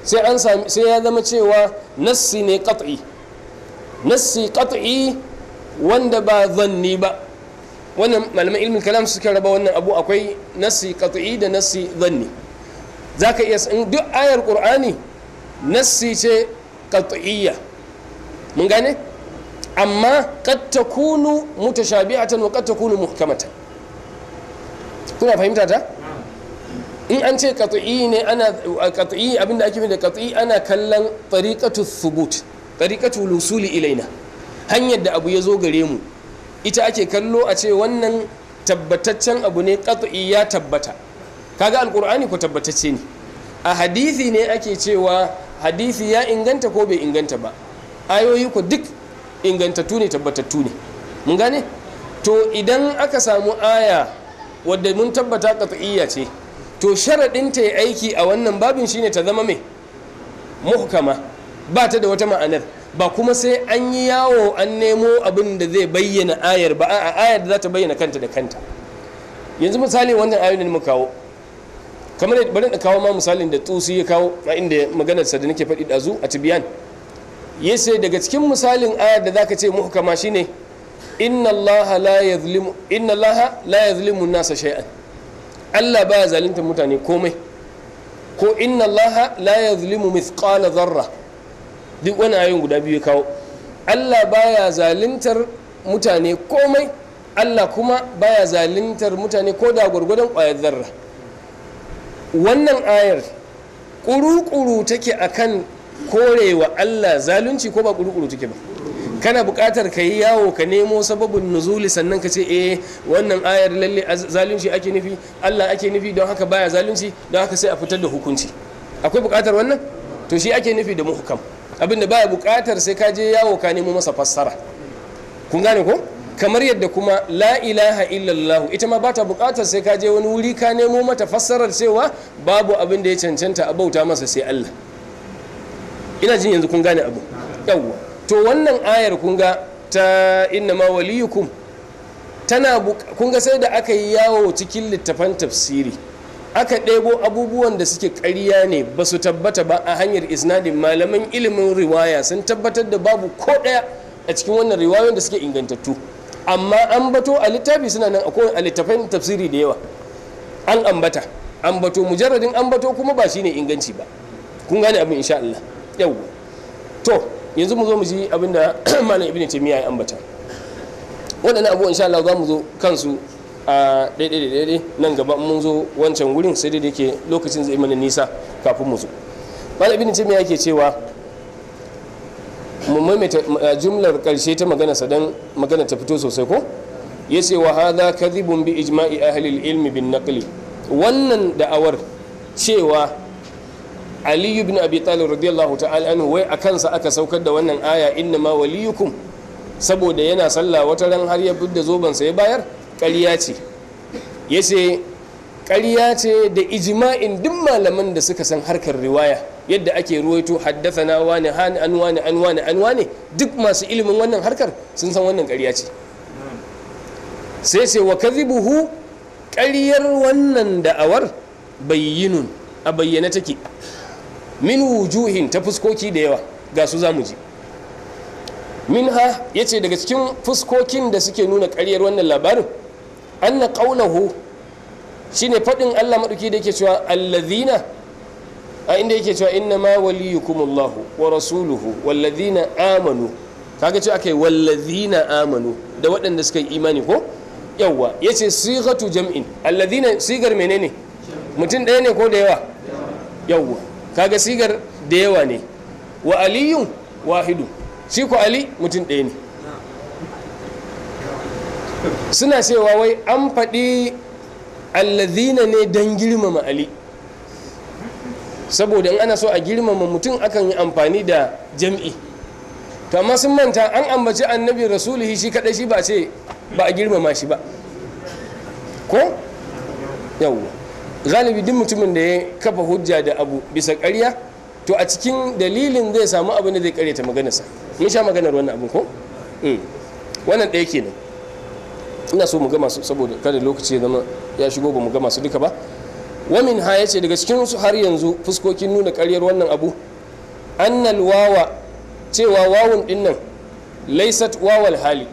sai an sami sai ya zama cewa nassi ne qat'i nassi qat'i wanda ba zanni ba wannan malaman ilmin kalam suka raba wannan abu akwai nasi qat'i da nasi zanni zaka iya in duk ayar qur'ani nasi ce qat'iyya mun gane amma qad takunu mutashabi'atan wa qad takunu muhkamatan kuna fahimta ta in an ce qat'i ne ana qat'i abinda ake da qat'i ana kallon tariqatu thubut tariqatu lusuli ilaina hanyar da abu ya zo gare mu ita ake kallo a ce wannan tabbataccen abu ne qat'i ya tabbata kaga alkur'ani ko tabbatacce ne a hadisi ne ake cewa hadisi ya inganta ko bai inganta ba ayoyi ko duk ingantattu ne tabbatattu ne mun gane to idan aka samu aya wadda mun tabbata qat'iyya ce to sharaɗin ta yi aiki a wannan babin shine ta zama mai muhkama ba ta da wata ma'anar ba kuma sai an yi yawo an nemo abin da zai bayyana ayar ba a ayar da za ta bayyana kanta da kanta yanzu misali wannan ayoyin muka kawo kamar bari da kawo ma misalin da tusi ya kawo a inda maganar sa da nake faɗi ɗazu a tibiyan ya daga cikin misalin ayar da zaka ce muhkama shine inna Allah la yadhlimu inna Allah nasa shay'an Allah baya zaluntar mutane komai ko inna Allah la yadhlimu mithqala dharra duk wani ayoyin guda biyu kawo allah baya zaluntar mutane komai allah kuma baya zaluntar mutane ko da gwargwadon ƙwayar zarra wannan ayar ƙuru take akan korewa allah zalunci ko ba ƙuru-ƙuru take ba kana buƙatar ka yi yawo ka nemo sababin nuzuli sannan ka ce eh wannan ayar lalle zalunci ake nufi Allah ake nufi don haka baya zalunci don haka sai a fitar da hukunci akwai buƙatar wannan to shi ake nufi da muhkam abin da baya bukatar sai ka je yawo ka nemo masa fassara kun gane ko kamar yadda kuma la ilaha illallah ita ma bata bukatar sai ka je wani wuri ka nemo mata fassarar cewa babu abin da ya cancanta a bauta masa sai Allah ina jin yanzu kun gane abu yawwa to wannan ayar kun ga ta inna ma waliyukum tana kun ga sai da aka yi yawo cikin littafan tafsiri aka ɗebo abubuwan da suke ƙarya ne ba su tabbata ba a hanyar isnadin malaman ilimin riwaya sun tabbatar da babu ko ɗaya a cikin wannan riwayoyin da suke ingantattu amma an bato a littafi suna nan akwai a littafin tafsiri da yawa an ambata an bato mujarradin an bato kuma ba shine inganci ba kun gane abin insha Allah yau to yanzu mu zo mu ji abin da (clears throat) malam ibnu taymiya ya ambata waɗannan abu insha Allah za mu zo kansu a daidai nan gaba mun zo wancan wurin sai dai ke lokacin zai mana nisa kafin mu zo malabin ce me yake cewa mu maimaita jumlar karshe ta magana sadan magana ta fito sosai ko ya ce wa ka kadhibun bi ijma'i ahli ilmi bin naqli wannan da'awar cewa Aliyu ibn abi talib radiyallahu ta'ala anhu wai a kansa aka saukar da wannan aya inna ma waliyukum saboda yana sallah wata ran har ya budda zoban ya bayar ƙarya ce ya ce ƙarya ce da ijima'in duk malaman da suka san harkar riwaya yadda ake ruwaito na wane hani an wane an wane an wane duk masu ilimin wannan harkar sun san wannan ƙarya ce sai ce wa buhu ƙaryar wannan da'awar bayyinun a bayyana take min wujuhin ta fuskoki da yawa ga su zamu ji ya ce daga cikin fuskokin da suke nuna ƙaryar wannan labarin anna shi ne faɗin Allah maduki da yake cewa alladhina a inda yake cewa inna ma waliyukumullahu wa rasuluhu walladhina amanu kaga cewa kai walladhina amanu da waɗanda suka yi imani ko yawa yace sighatu jam'in alladhina sigar menene mutum ɗaya ne ko da yawa yawa kaga sigar da yawa ne wa aliyun wahidu shi ko ali mutum ɗaya ne suna cewa wai an faɗi allazina ne don girmama ali saboda in ana so a girmama mutum akan yi amfani da jam'i to amma sun manta an ambaci annabi rasulihi shi kaɗai shi ba ce ba a girmama shi ba ko yawwa galibi duk mutumin da ya kafa hujja da abu bisa ƙarya to a cikin dalilin zai samu abin da zai ta maganarsa mun sha maganar wannan abin ko hmm. wannan ɗaya kenan ina so mu ga su saboda kada lokaci ya zama ya shigo ba mu gama su duka ba wamin ha ce daga cikin su har yanzu fuskokin nuna karyar wannan abu annal wawa cewa wawun din nan wawal hali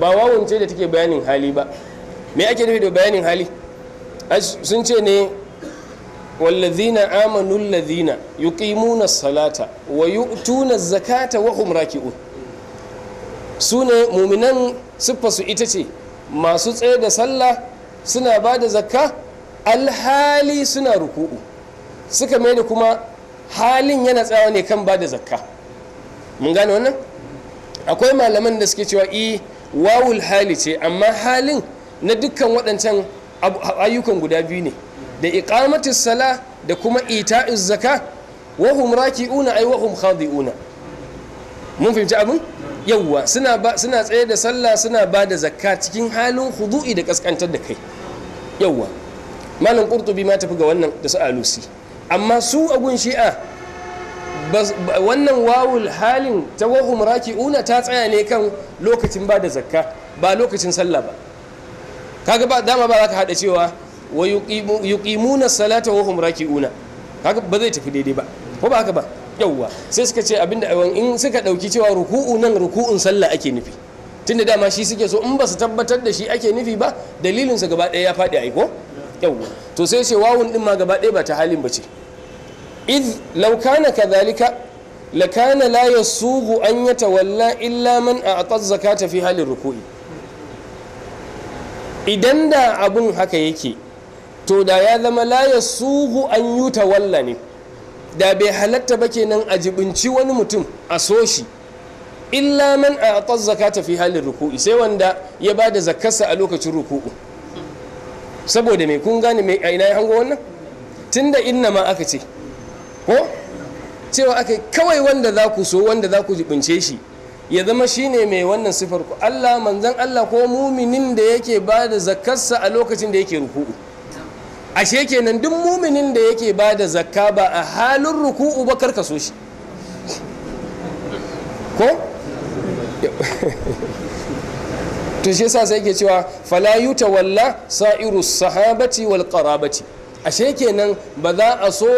ba wawun ce da take bayanin hali ba me ake nufi da bayanin hali sun ce ne wallazina amanu allazina yuqimuna salata wa yu'tuna zakata wa hum raki'un sune muminan siffa su ita ce masu tsaye da sallah suna ba da zakka alhali suna ruku'u suka mai da kuma halin yana tsawa ne kan ba da zakka mun gane wannan akwai malaman da suke cewa i eh, wawul hali ce amma halin na dukkan waɗancan ayyukan guda biyu ne da iqamatis sala da kuma ita'iz zakka, wa raki'una ay wa khadi'una mun fahimci abin yawwa suna tsaye da sallah suna ba da zakka cikin halin hudu'i da kaskantar da kai yawwa malam qurtubi ma tafi ga wannan da su alusi amma su agun shi'a wannan wawul halin ta wahum una ta tsaya ne kan lokacin ba da zakka ba lokacin sallah ba kaga ba dama ba za ka haɗa cewa wa yuqimuna salata wahum raki'una kaga ba zai tafi daidai ba ko ba haka ba yauwa sai suka ce abinda in suka dauki cewa ruku'u nan ruku'un sallah ake nufi tunda dama shi suke so in ba su tabbatar da shi ake nufi ba dalilin sa gaba ɗaya ya faɗi aiko yauwa to sai ce wawun din ma gaba ɗaya ba ta halin bace id law kana kadhalika lakana la yasugu an yatawalla illa man a'ta zakata fi halin ruku'i idan da abun haka yake to da ya zama la yasugu an yuta ne da bai halatta ba kenan a jibinci wani mutum a so shi illa man a atar zakata fi halin ruku'i sai wanda ya ba da zakarsa a lokacin ruku'u saboda mai kun gane mai aina ya hango wannan tunda inna ma aka ce ko cewa aka kawai wanda za ku so wanda za ku jibince shi ya zama shi ne mai wannan sifar ku Allah manzon Allah ko muminin da yake ba da zakarsa a lokacin da yake ruku'u ashe kenan duk muminin da yake ba da zakka ba a halin ruku'u ba karka so shi ko (laughs) to shi yasa sai ke cewa fala walla sa'iru sahabati wal qarabati ashe kenan ba za a so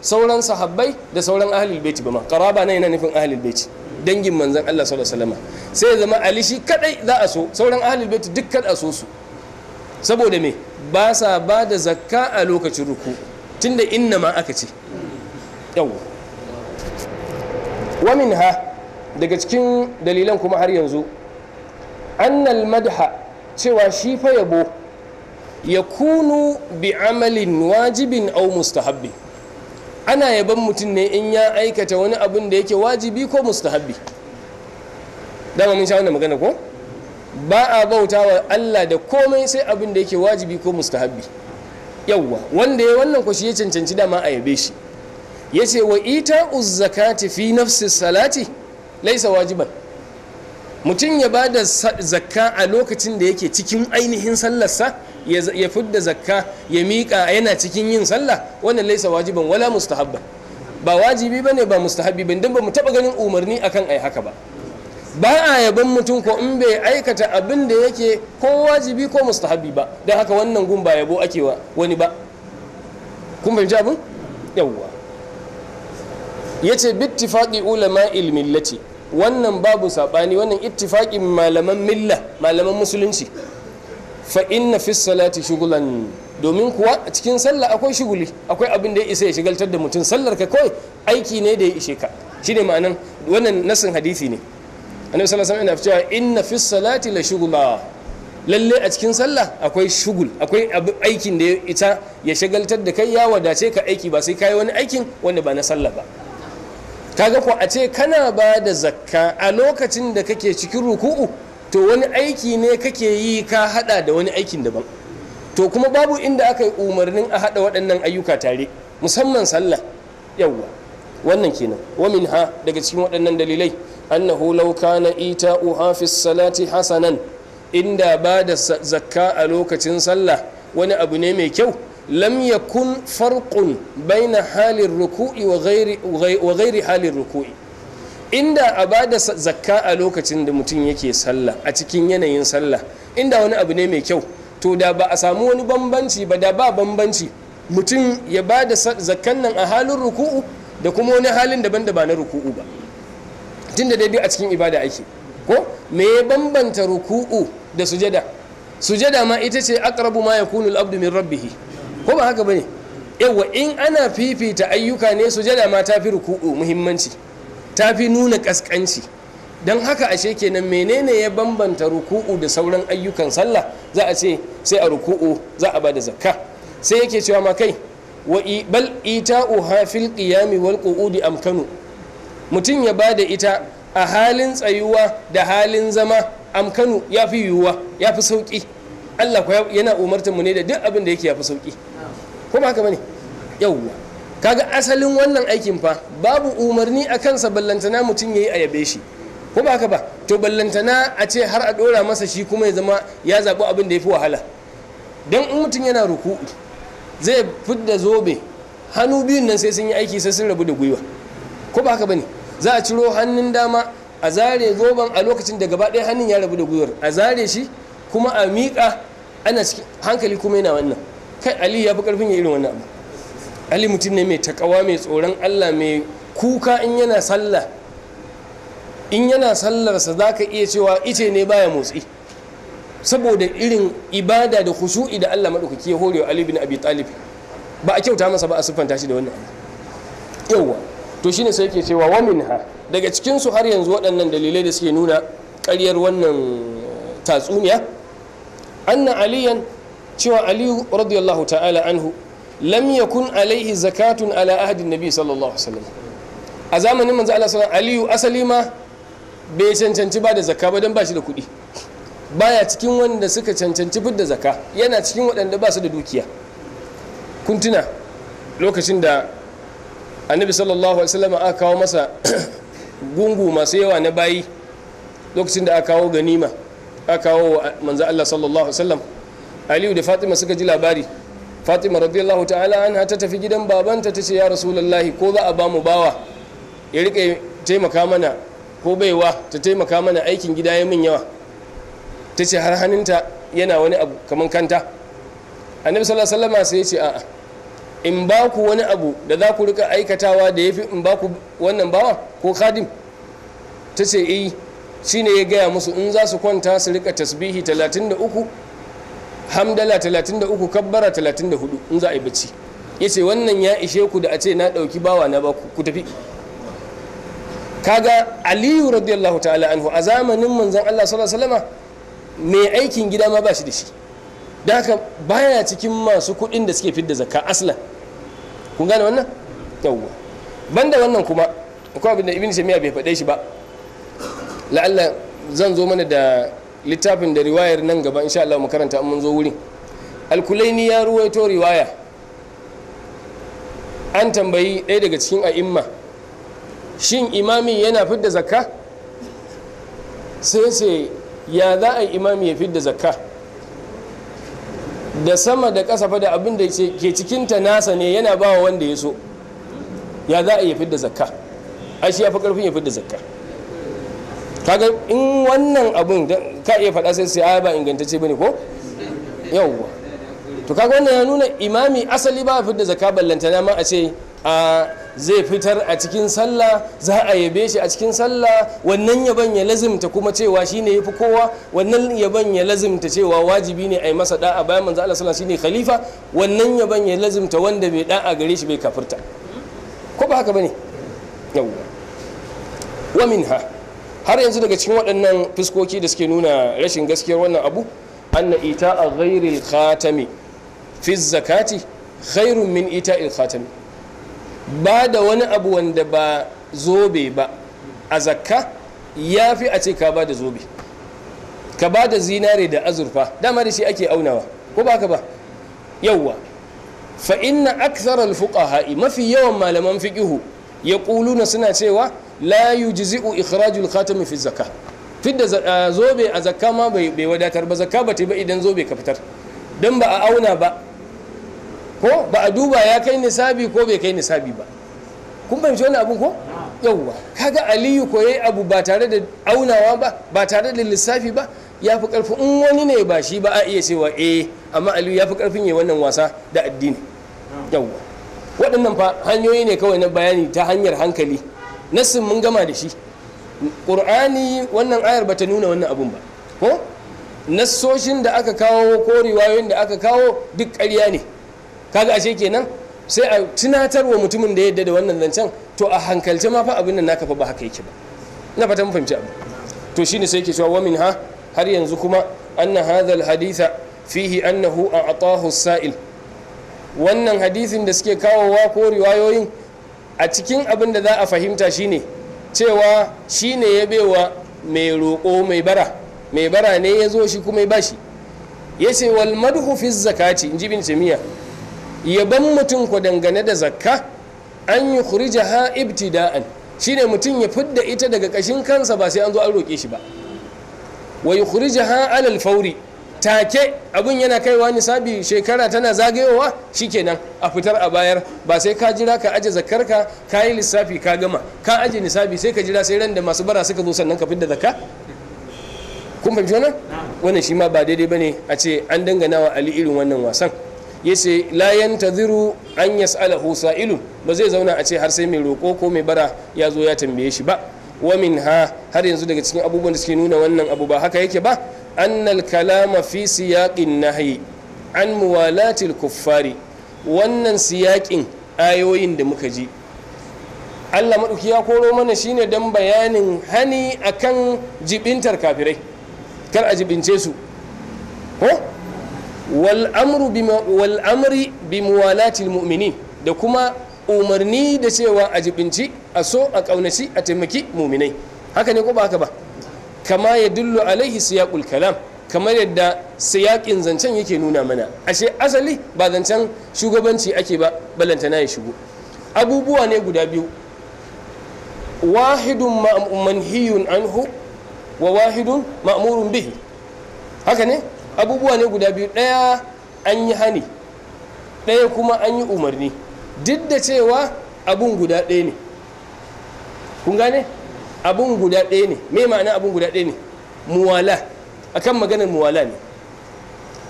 sauran sahabbai da sauran ahlul baiti ba ma qaraba na yana nufin ahlul baiti dangin manzon Allah sallallahu alaihi wasallam sai zama ali shi kadai za a so sauran ahlul baiti duk kada a so su saboda me ba sa ba da zakka a lokacin ruku tunda inna ma aka ce yau wamin ha daga cikin dalilan kuma har yanzu annal madha cewa shi fa yabo ya kunu bi amalin wajibin au mustahabbi ana yaban mutum ne in ya aikata wani abin da yake wajibi ko mustahabbi dama mun sha wannan magana ko ba a bauta wa Allah da komai sai abin da yake wajibi ko mustahabbi yawwa wanda ya wannan kwashi ya cancanci dama a yabe shi ya ce wa ita uzzakati fi nafsi salati laisa wajiban mutum ya ba da zakka a lokacin da yake cikin ainihin sallarsa ya fidda zakka ya miƙa yana cikin yin sallah wannan laisa wajiban wala mustahabban ba wajibi ba ne ba mustahabbi ban dan ba mu taɓa ganin umarni akan ai haka ba ba a yaban mutum ko in bai aikata abin da yake ko wajibi ko mustahabi ba don haka wannan gun ba yabo ake wa wani ba kun fahimci abin yawwa ya ce bittifaƙi ulama ilmillaci wannan babu sabani wannan ittifaƙin malaman milla malaman musulunci fa inna fi salati shugulan domin kuwa a cikin sallah akwai shuguli akwai abin da ya isa ya shigaltar da mutum sallar ka kawai aiki ne da ya ishe ka shine ma'anan wannan nasin hadisi ne annabi sallallahu alaihi wasallam yana cewa inna fi salati la shugula lalle a cikin sallah akwai shugul akwai aikin da ita ya shagaltar da kai ya wadace ka aiki ba sai kai wani aikin wanda ba na sallah ba kaga ko a ce kana ba da zakka a lokacin da kake cikin ruku'u to wani aiki ne kake yi ka hada da wani aikin daban to kuma babu inda aka yi umarnin a hada waɗannan ayyuka tare musamman sallah yawwa wannan kenan wa minha daga cikin waɗannan dalilai annahu law kana ita'uha fi salati hasanan inda ba da zakka a lokacin sallah wani abu ne mai kyau lam yakun farqun baina halin ruku'i wa ghairi halin ruku'i inda a ba da zakka a lokacin da mutum yake sallah a cikin yanayin sallah inda wani abu ne mai kyau to da ba a samu wani bambanci ba da ba bambanci mutum ya ba da zakkan nan a halin ruku'u da kuma wani halin daban da ba na ruku'u ba tunda dai biyu a cikin ibada ake ko me ya bambanta ruku'u da sujada sujada ma ita ce aqrabu ma yakunu al-abdu min rabbih ko ba haka bane yawa in ana fifita ayyuka ne sujada ma ta fi ruku'u muhimmanci ta fi nuna kaskanci dan haka ashe kenan menene ya bambanta ruku'u da sauran ayyukan sallah za a ce sai a ruku'u za a bada zakka sai yake cewa ma kai wa bal ita'u hafil qiyami wal qu'udi amkanu mutum ya ba da ita a halin tsayuwa da halin zama amkanu ya fi yiwuwa ya fi sauƙi allah ku yana umartar mu ne da duk abin da yake ya fi sauƙi ko ba haka bane yawwa kaga asalin wannan aikin fa babu umarni a kansa ballantana mutum ya yi a yabe shi ko ba haka ba to ballantana a ce har a ɗora masa shi kuma ya zama ya zaɓi abin da ya fi wahala don in mutum yana ruku'u zai fidda zobe hannu biyun nan sai sun yi aiki sai sun rabu da gwiwa ko ba haka ba ne za a ciro hannun dama a zare zoben a lokacin da gaba ɗaya hannun ya rabu da gwiwar a zare shi kuma a miƙa ana cikin hankali kuma yana wannan kai ali ya fi ƙarfin ya irin wannan abu ali mutum ne mai takawa mai tsoron allah mai kuka in yana sallah in yana sallarsa za ka iya cewa ice ne baya motsi saboda irin ibada da khushu'i da allah maɗaukaki ya horewa ali bin abi talib ba a kyauta masa ba a siffanta shi da wannan abu yawwa to shine sai yake cewa wa minha daga cikin su har yanzu waɗannan dalilai da suke nuna ƙaryar wannan eh, tatsuniya anna aliyan cewa aliyu radiyallahu ta'ala anhu lam yakun alaihi zakatun ala ahadin nabi sallallahu alaihi a zamanin manzo Allah sallallahu aliyu asali ma bai cancanci ba da zakka ba dan ba shi da kuɗi baya cikin wanda suka cancanci fidda zakka yana cikin waɗanda ba su da dukiya Kuntuna lokacin da annabi sallallahu alaihi wasallam aka kawo masa (coughs) gungu masu yawa na bayi lokacin da aka kawo ganima aka kawo manzo Allah sallallahu alaihi wasallam Aliyu da Fatima suka ji labari Fatima radiyallahu ta'ala anha ta tafi gidan babanta ta ce ya rasulullahi ko za a ba mu bawa ya rike taimaka mana ko baiwa ta taimaka mana aikin gida ya min yawa ta ce har haninta yana wani abu kaman kanta annabi sallallahu alaihi wasallam sai ya ce a'a in ba ku wani abu da za ku rika aikatawa da ya fi in ba ku wannan bawa ko khadim ta ce eh shi ne ya gaya musu in za su kwanta su rika tasbihi 33 hamdala 33 kabbara 34 in za a yi bacci ya ce wannan ya ishe ku da a ce na ɗauki bawa na ba ku tafi kaga aliyu radiyallahu ta'ala anhu a zamanin manzan allah sallallahu alaihi mai aikin gida ma ba shi da shi da haka baya cikin masu kuɗin da suke fidda zakka aslan kun gane wannan yawwa banda wannan kuma akwai abin da ibn samiya bai faɗe shi ba la'alla zan zo mana da littafin da riwayar nan gaba insha Allah mu karanta mun zo wurin alkulaini ya ruwaito riwaya an tambayi ɗaya daga cikin a'imma shin imami yana fidda zakka sai sai ya za a imami ya fidda zakka da sama da ƙasa fa da abin da ke cikinta nasa ne yana ba wa wanda ya so ya za a yi fidda zakka ai shi ya fi ƙarfin ya fidda zakka kaga in wannan abin ka iya faɗa sai sai ba ingantacce bane ko yawwa to kaga wannan ya nuna imami asali ba fidda zakka ballantana ma a ce a ah, zai fitar a cikin sallah za a yabe shi a cikin sallah wannan yaban ya lazimta kuma cewa shine yafi kowa wannan yaban ya lazimta cewa wajibi ne a yi masa da'a bayan manzo Allah sallallahu alaihi wasallam shine khalifa wannan yaban ya lazimta wanda bai da'a gare shi bai kafirta ko ba haka bane yawa wa minha har yanzu daga cikin waɗannan fiskoki da suke nuna rashin gaskiyar wannan abu anna ita'a ghairil khatami fi zakati khairun min ita'il khatami ba da wani abu wanda ba zobe ba a zakka ya fi a ce ka ba da zobe ka ba da zinare da azurfa dama da shi ake aunawa ko ba ka ba yauwa fa inna akthar al-fuqaha'i mafi yawan malaman fiqihu yaquluna suna cewa la yujzi'u ikhrajul khatami fi zakka zobe a zakka ma bai wadatar ba zakka ba ta ba idan zobe ka fitar don ba a auna ba ko ba a duba ya kai nisabi ko bai kai nisabi ba kun fahimci wani abu ko yauwa kaga aliyu ko yayi abu ba tare da aunawa ba ba tare da lissafi ba ya fi karfin in wani ne ba shi ba a iya cewa eh amma aliyu ya fi karfin yayi wannan wasa da addini yauwa waɗannan fa hanyoyi ne kawai na bayani ta hanyar hankali nassin mun gama da shi ƙur'ani wannan ayar ba ta nuna wannan abun ba ko nassoshin da aka kawo ko riwayoyin da aka kawo duk ƙarya ne kaga ashe kenan sai a tunatar wa mutumin da yadda da wannan zancen to a hankalce ma fa abin nan naka fa ba haka yake ba na fata mun fahimci abu to shine sai yake cewa wa min ha har yanzu kuma anna hadha haditha fihi annahu a'tahu sa'il wannan hadisin da suke kawowa ko riwayoyin a cikin abin da za a fahimta shine cewa shine ya bewa mai roƙo mai bara mai bara ne ya zo shi kuma ya bashi ya ce wal madhu fi zakati in ji bin yaban mutum ku dangane da zakka an yi kurija ha ibtida'an shine mutum ya fidda ita daga kashin kansa ba sai an zo an roƙe shi ba wa yi kurija ha alal fauri take abin yana kaiwa nisabi shekara tana zagayowa shikenan a fitar a bayar ba sai ka jira ka aje zakarka ka yi lissafi ka gama ka aje nisabi sai ka jira sai ran da masu bara suka zo sannan ka fidda zakka kun fahimci wannan wannan shi ma ba daidai bane a ce an dangana wa ali irin wannan wasan ya ce layan ta ziru an alahu sa'ilun ba zai zauna a ce har sai mai roƙo ko mai bara ya zo ya tambaye shi ba wa ha har yanzu daga cikin abubuwan da suke nuna wannan abu ba haka yake ba annal kalama fi siyaqin nahyi an muwalatil kuffari wannan siyaƙin ayoyin da muka ji allah maɗauki ya koro mana shine don bayanin hani akan jibintar kafirai kar a jibince su ko wal amri bi muwalatil mu'mini da kuma umarni da cewa a jibinci a so a ƙaunaci a taimaki muminai haka ne ko ba haka ba kama ya dillo alaihi siyaqul kalam kamar yadda siyaƙin zancen yake nuna mana ashe asali ba zancen shugabanci ake ba balantana ya shigo abubuwa ne guda biyu wahidun manhiyun anhu wa wahidun ma'murun bihi haka ne abubuwa ne guda biyu ɗaya an yi hani ɗaya kuma an yi umarni duk da cewa abun guda ɗaya ne kun gane abun guda ɗaya ne me ma'ana abun guda ɗaya ne muwala akan maganar muwala ne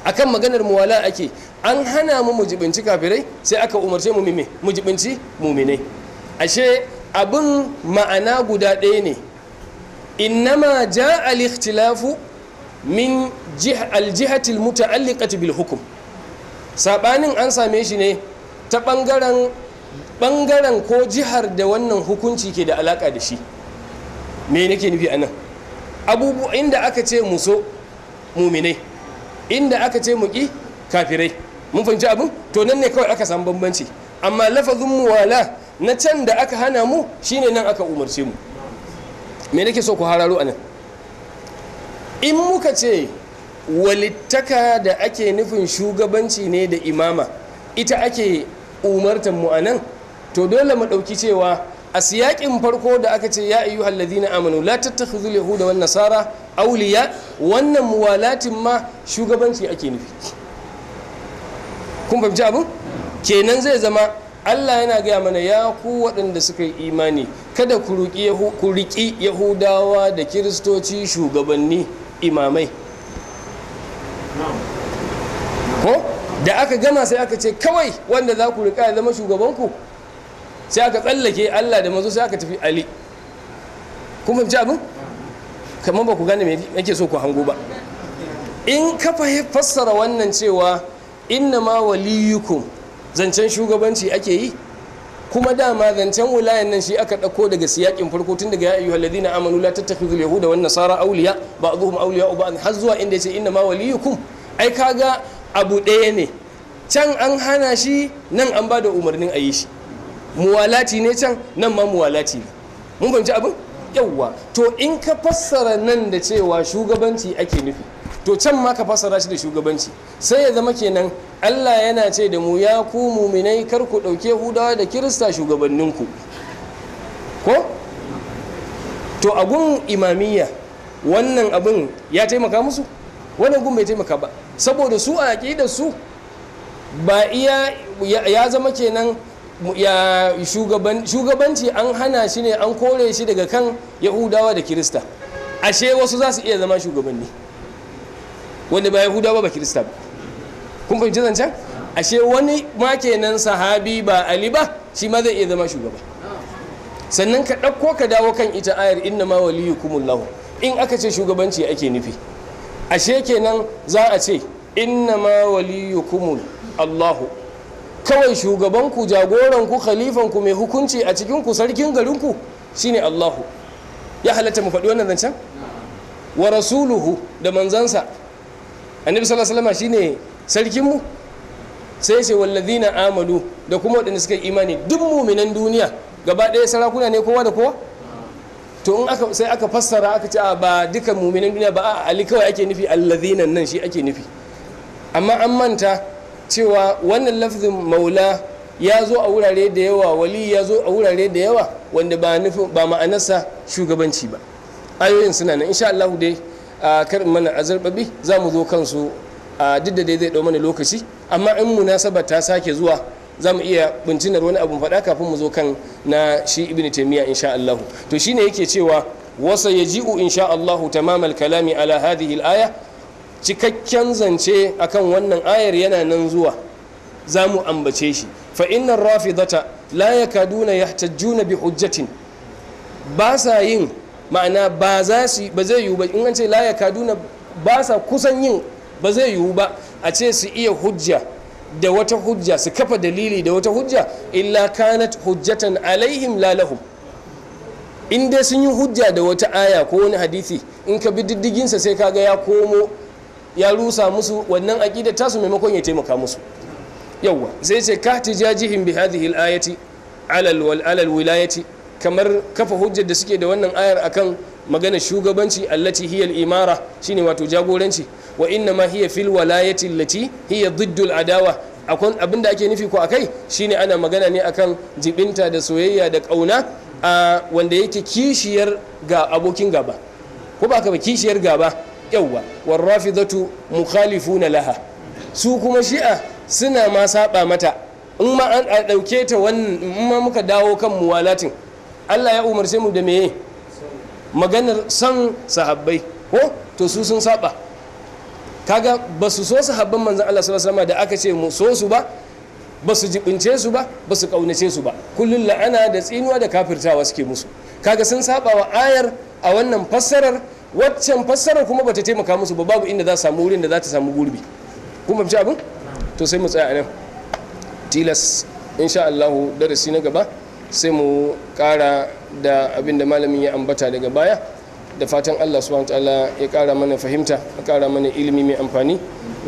akan maganar muwala ake an hana mu mujibinci kafirai sai aka umarce mu mime mujibinci muminai ashe abin ma'ana guda ɗaya ne innama ja al-ikhtilafu min aljihatil muta'alliqati bil hukum sabanin an same shi ne ta bangaren bangaren ko jihar da wannan hukunci ke da alaka da shi me nake nufi anan abubu inda aka ce mu so muminai inda aka ce mu kafirai mun fahimci abin to nan ne kawai aka samu bambanci amma lafazin muwala na can da aka hana mu shine nan aka umarce mu me nake so ku hararo anan in muka ce walittaka da ake nufin shugabanci ne da imama ita ake umartan mu anan to dole mu ɗauki cewa a siyakin farko da aka ce ya iyu halladina amanu la tattakhidhu yahuda wan nasara awliya wannan muwalatin ma shugabanci ake nufi kun fahimci abu kenan zai zama Allah yana gaya mana ya ku waɗanda suka yi imani kada ku riƙi yahudawa da kiristoci shugabanni imamai ko da aka gama sai aka ce kawai wanda za ku rika ya zama shugabanku sai aka tsallake allah da mazu sai aka tafi ali kun fahimci abin kamar ba ku gane me yake so ku hango ba in ka fassara wannan cewa inna ma waliyukum zancen shugabanci ake yi kuma dama zancen wulayan nan shi aka ɗauko daga siyakin farko tun daga ya ayyuha alladhina amanu la tattakhidhu al-yahuda wan nasara awliya ba'dhum awliya ba'd har zuwa inda yace inna ma waliyukum ai kaga abu ɗaya ne can an hana shi nan an ba da umarnin a yi shi muwalati ne can nan ma muwalati ne mun fahimci abin yawwa to in ka fassara nan da cewa shugabanci ake nufi to can ma ka fassara shi da shugabanci sai ya zama kenan Allah yana ce da mu ya ku muminai kar ku ɗauke hudawa da kirista shugabanninku ko to a gun imamiyya wannan abun ya taimaka musu wannan gun bai taimaka ba saboda su a da su ba iya ya zama kenan ya shugabanci an hana shi ne an kore shi daga kan yahudawa da kirista ashe wasu za su iya zama shugabanni wanda ba Yahuda ba kirista ba kun fahimci zancen ashe wani ma kenan sahabi ba ali ba shi ma zai iya zama shugaba sannan ka ɗauko ka dawo kan ita ayar inna ma waliyukumullahu in aka ce shugabanci ake nufi ashe kenan za a ce inna ma waliyukumul allahu kawai shugabanku jagoranku khalifanku mai hukunci a cikinku sarkin garinku shine allahu ya halatta mu faɗi wannan zancen wa rasuluhu da manzansa annabi sallallahu alaihi wasallam shine sarkin mu sai ce wallazina amalu da kuma wadanda suka imani duk muminan duniya gaba ɗaya sarakuna ne kowa da kowa to in aka sai aka fassara aka ce ba duka muminan duniya ba a ali kawai ake nufi allazina nan shi ake nufi amma an manta cewa wannan lafzin maula ya zo a wurare da yawa wali ya zo a wurare da yawa wanda ba ma'anarsa shugabanci ba ayoyin suna nan insha Allah dai karin mana azarbabi za mu zo kansu duk da dai zai ɗau mana lokaci amma in munasaba ta sake zuwa za mu iya bincinar wani abu faɗa kafin mu zo kan na shi ibn taimiyya insha Allah to shine yake cewa wasa yaji'u insha Allah tamamal kalami ala hadhihi al-aya cikakken zance akan wannan ayar yana nan zuwa za mu ambace shi fa inna rafidata la yakaduna yahtajjuna bi hujjatin ba sa yin ma'ana ba za su ba zai yiwu ba in an ce la kaduna ba sa kusan yin ba zai yiwu ba a ce su iya hujja da wata hujja su kafa dalili da wata hujja illa kanat hujjatan alaihim lalahum in dai sun yi hujja da wata aya ko wani hadisi in ka bi diddiginsa sai ga ya komo ya rusa musu wannan aqida su maimakon ya taimaka musu yawwa sai ce ka tijajihim bi hadhihi alayati ala al kamar kafa hujjar da suke da wannan ayar akan magana shugabanci allati hiya al-imara shine wato jagoranci wa inna ma hiya fil walayati allati hiya diddu al-adawa akon abinda ake nufi ko akai shine ana magana ne akan jibinta da soyayya da kauna a wanda yake kishiyar ga abokin gaba ko ba ka ba kishiyar gaba yawwa warrafidatu mukhalifuna laha su kuma shi'a suna ma saba mata in ma an ɗauke ta wannan in ma muka dawo kan muwalatin Allah ya umarce mu da meye maganar san sahabbai ko to su sun saba kaga ba su so sahabban manzon Allah sallallahu alaihi wasallam da aka ce mu so su ba ba su jibince su ba ba su kaunace su ba kullun la'ana da tsinuwa da kafirtawa suke musu kaga sun saba wa ayar a wannan fassarar waccan fassarar kuma bata taimaka musu ba babu inda za su samu wurin da za ta samu gurbi kun fahimci abin to sai mu tsaya a nan tilas insha Allah darasi na gaba sai mu kara da abin da malamin ya ambata daga baya da fatan allah subhanahu ta'ala ya kara mana fahimta ya kara mana ilimi mai amfani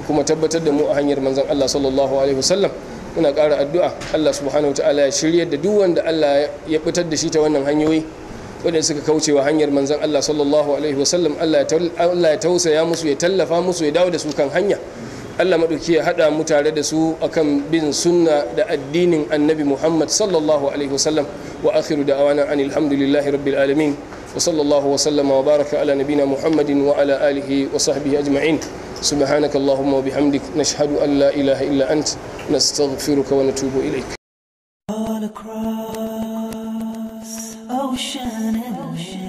kuma tabbatar da mu a hanyar manzan allah sallallahu alaihi wasallam muna kara addu'a allah subhanahu ta'ala ya shiryar da duk wanda allah ya fitar da shi ta wannan hanyoyi wadanda suka kauce wa hanyar manzan Allah sallallahu alaihi wasallam Allah ya tausaya musu ya tallafa musu ya dawo da su kan hanya allah maɗauki ya haɗa mu tare da su akan bin sunna da addinin annabi muhammad sallallahu alaihi wasallam wa akhiru da awanan an alhamdulillahi rabbil alamin wa sallallahu wa wa baraka ala nabina muhammadin wa ala alihi wa sahbihi ajma'in subhanaka allahumma wa bihamdik nashhadu an la ilaha illa ant nastaghfiruka wa natubu ilaik All across ocean and ocean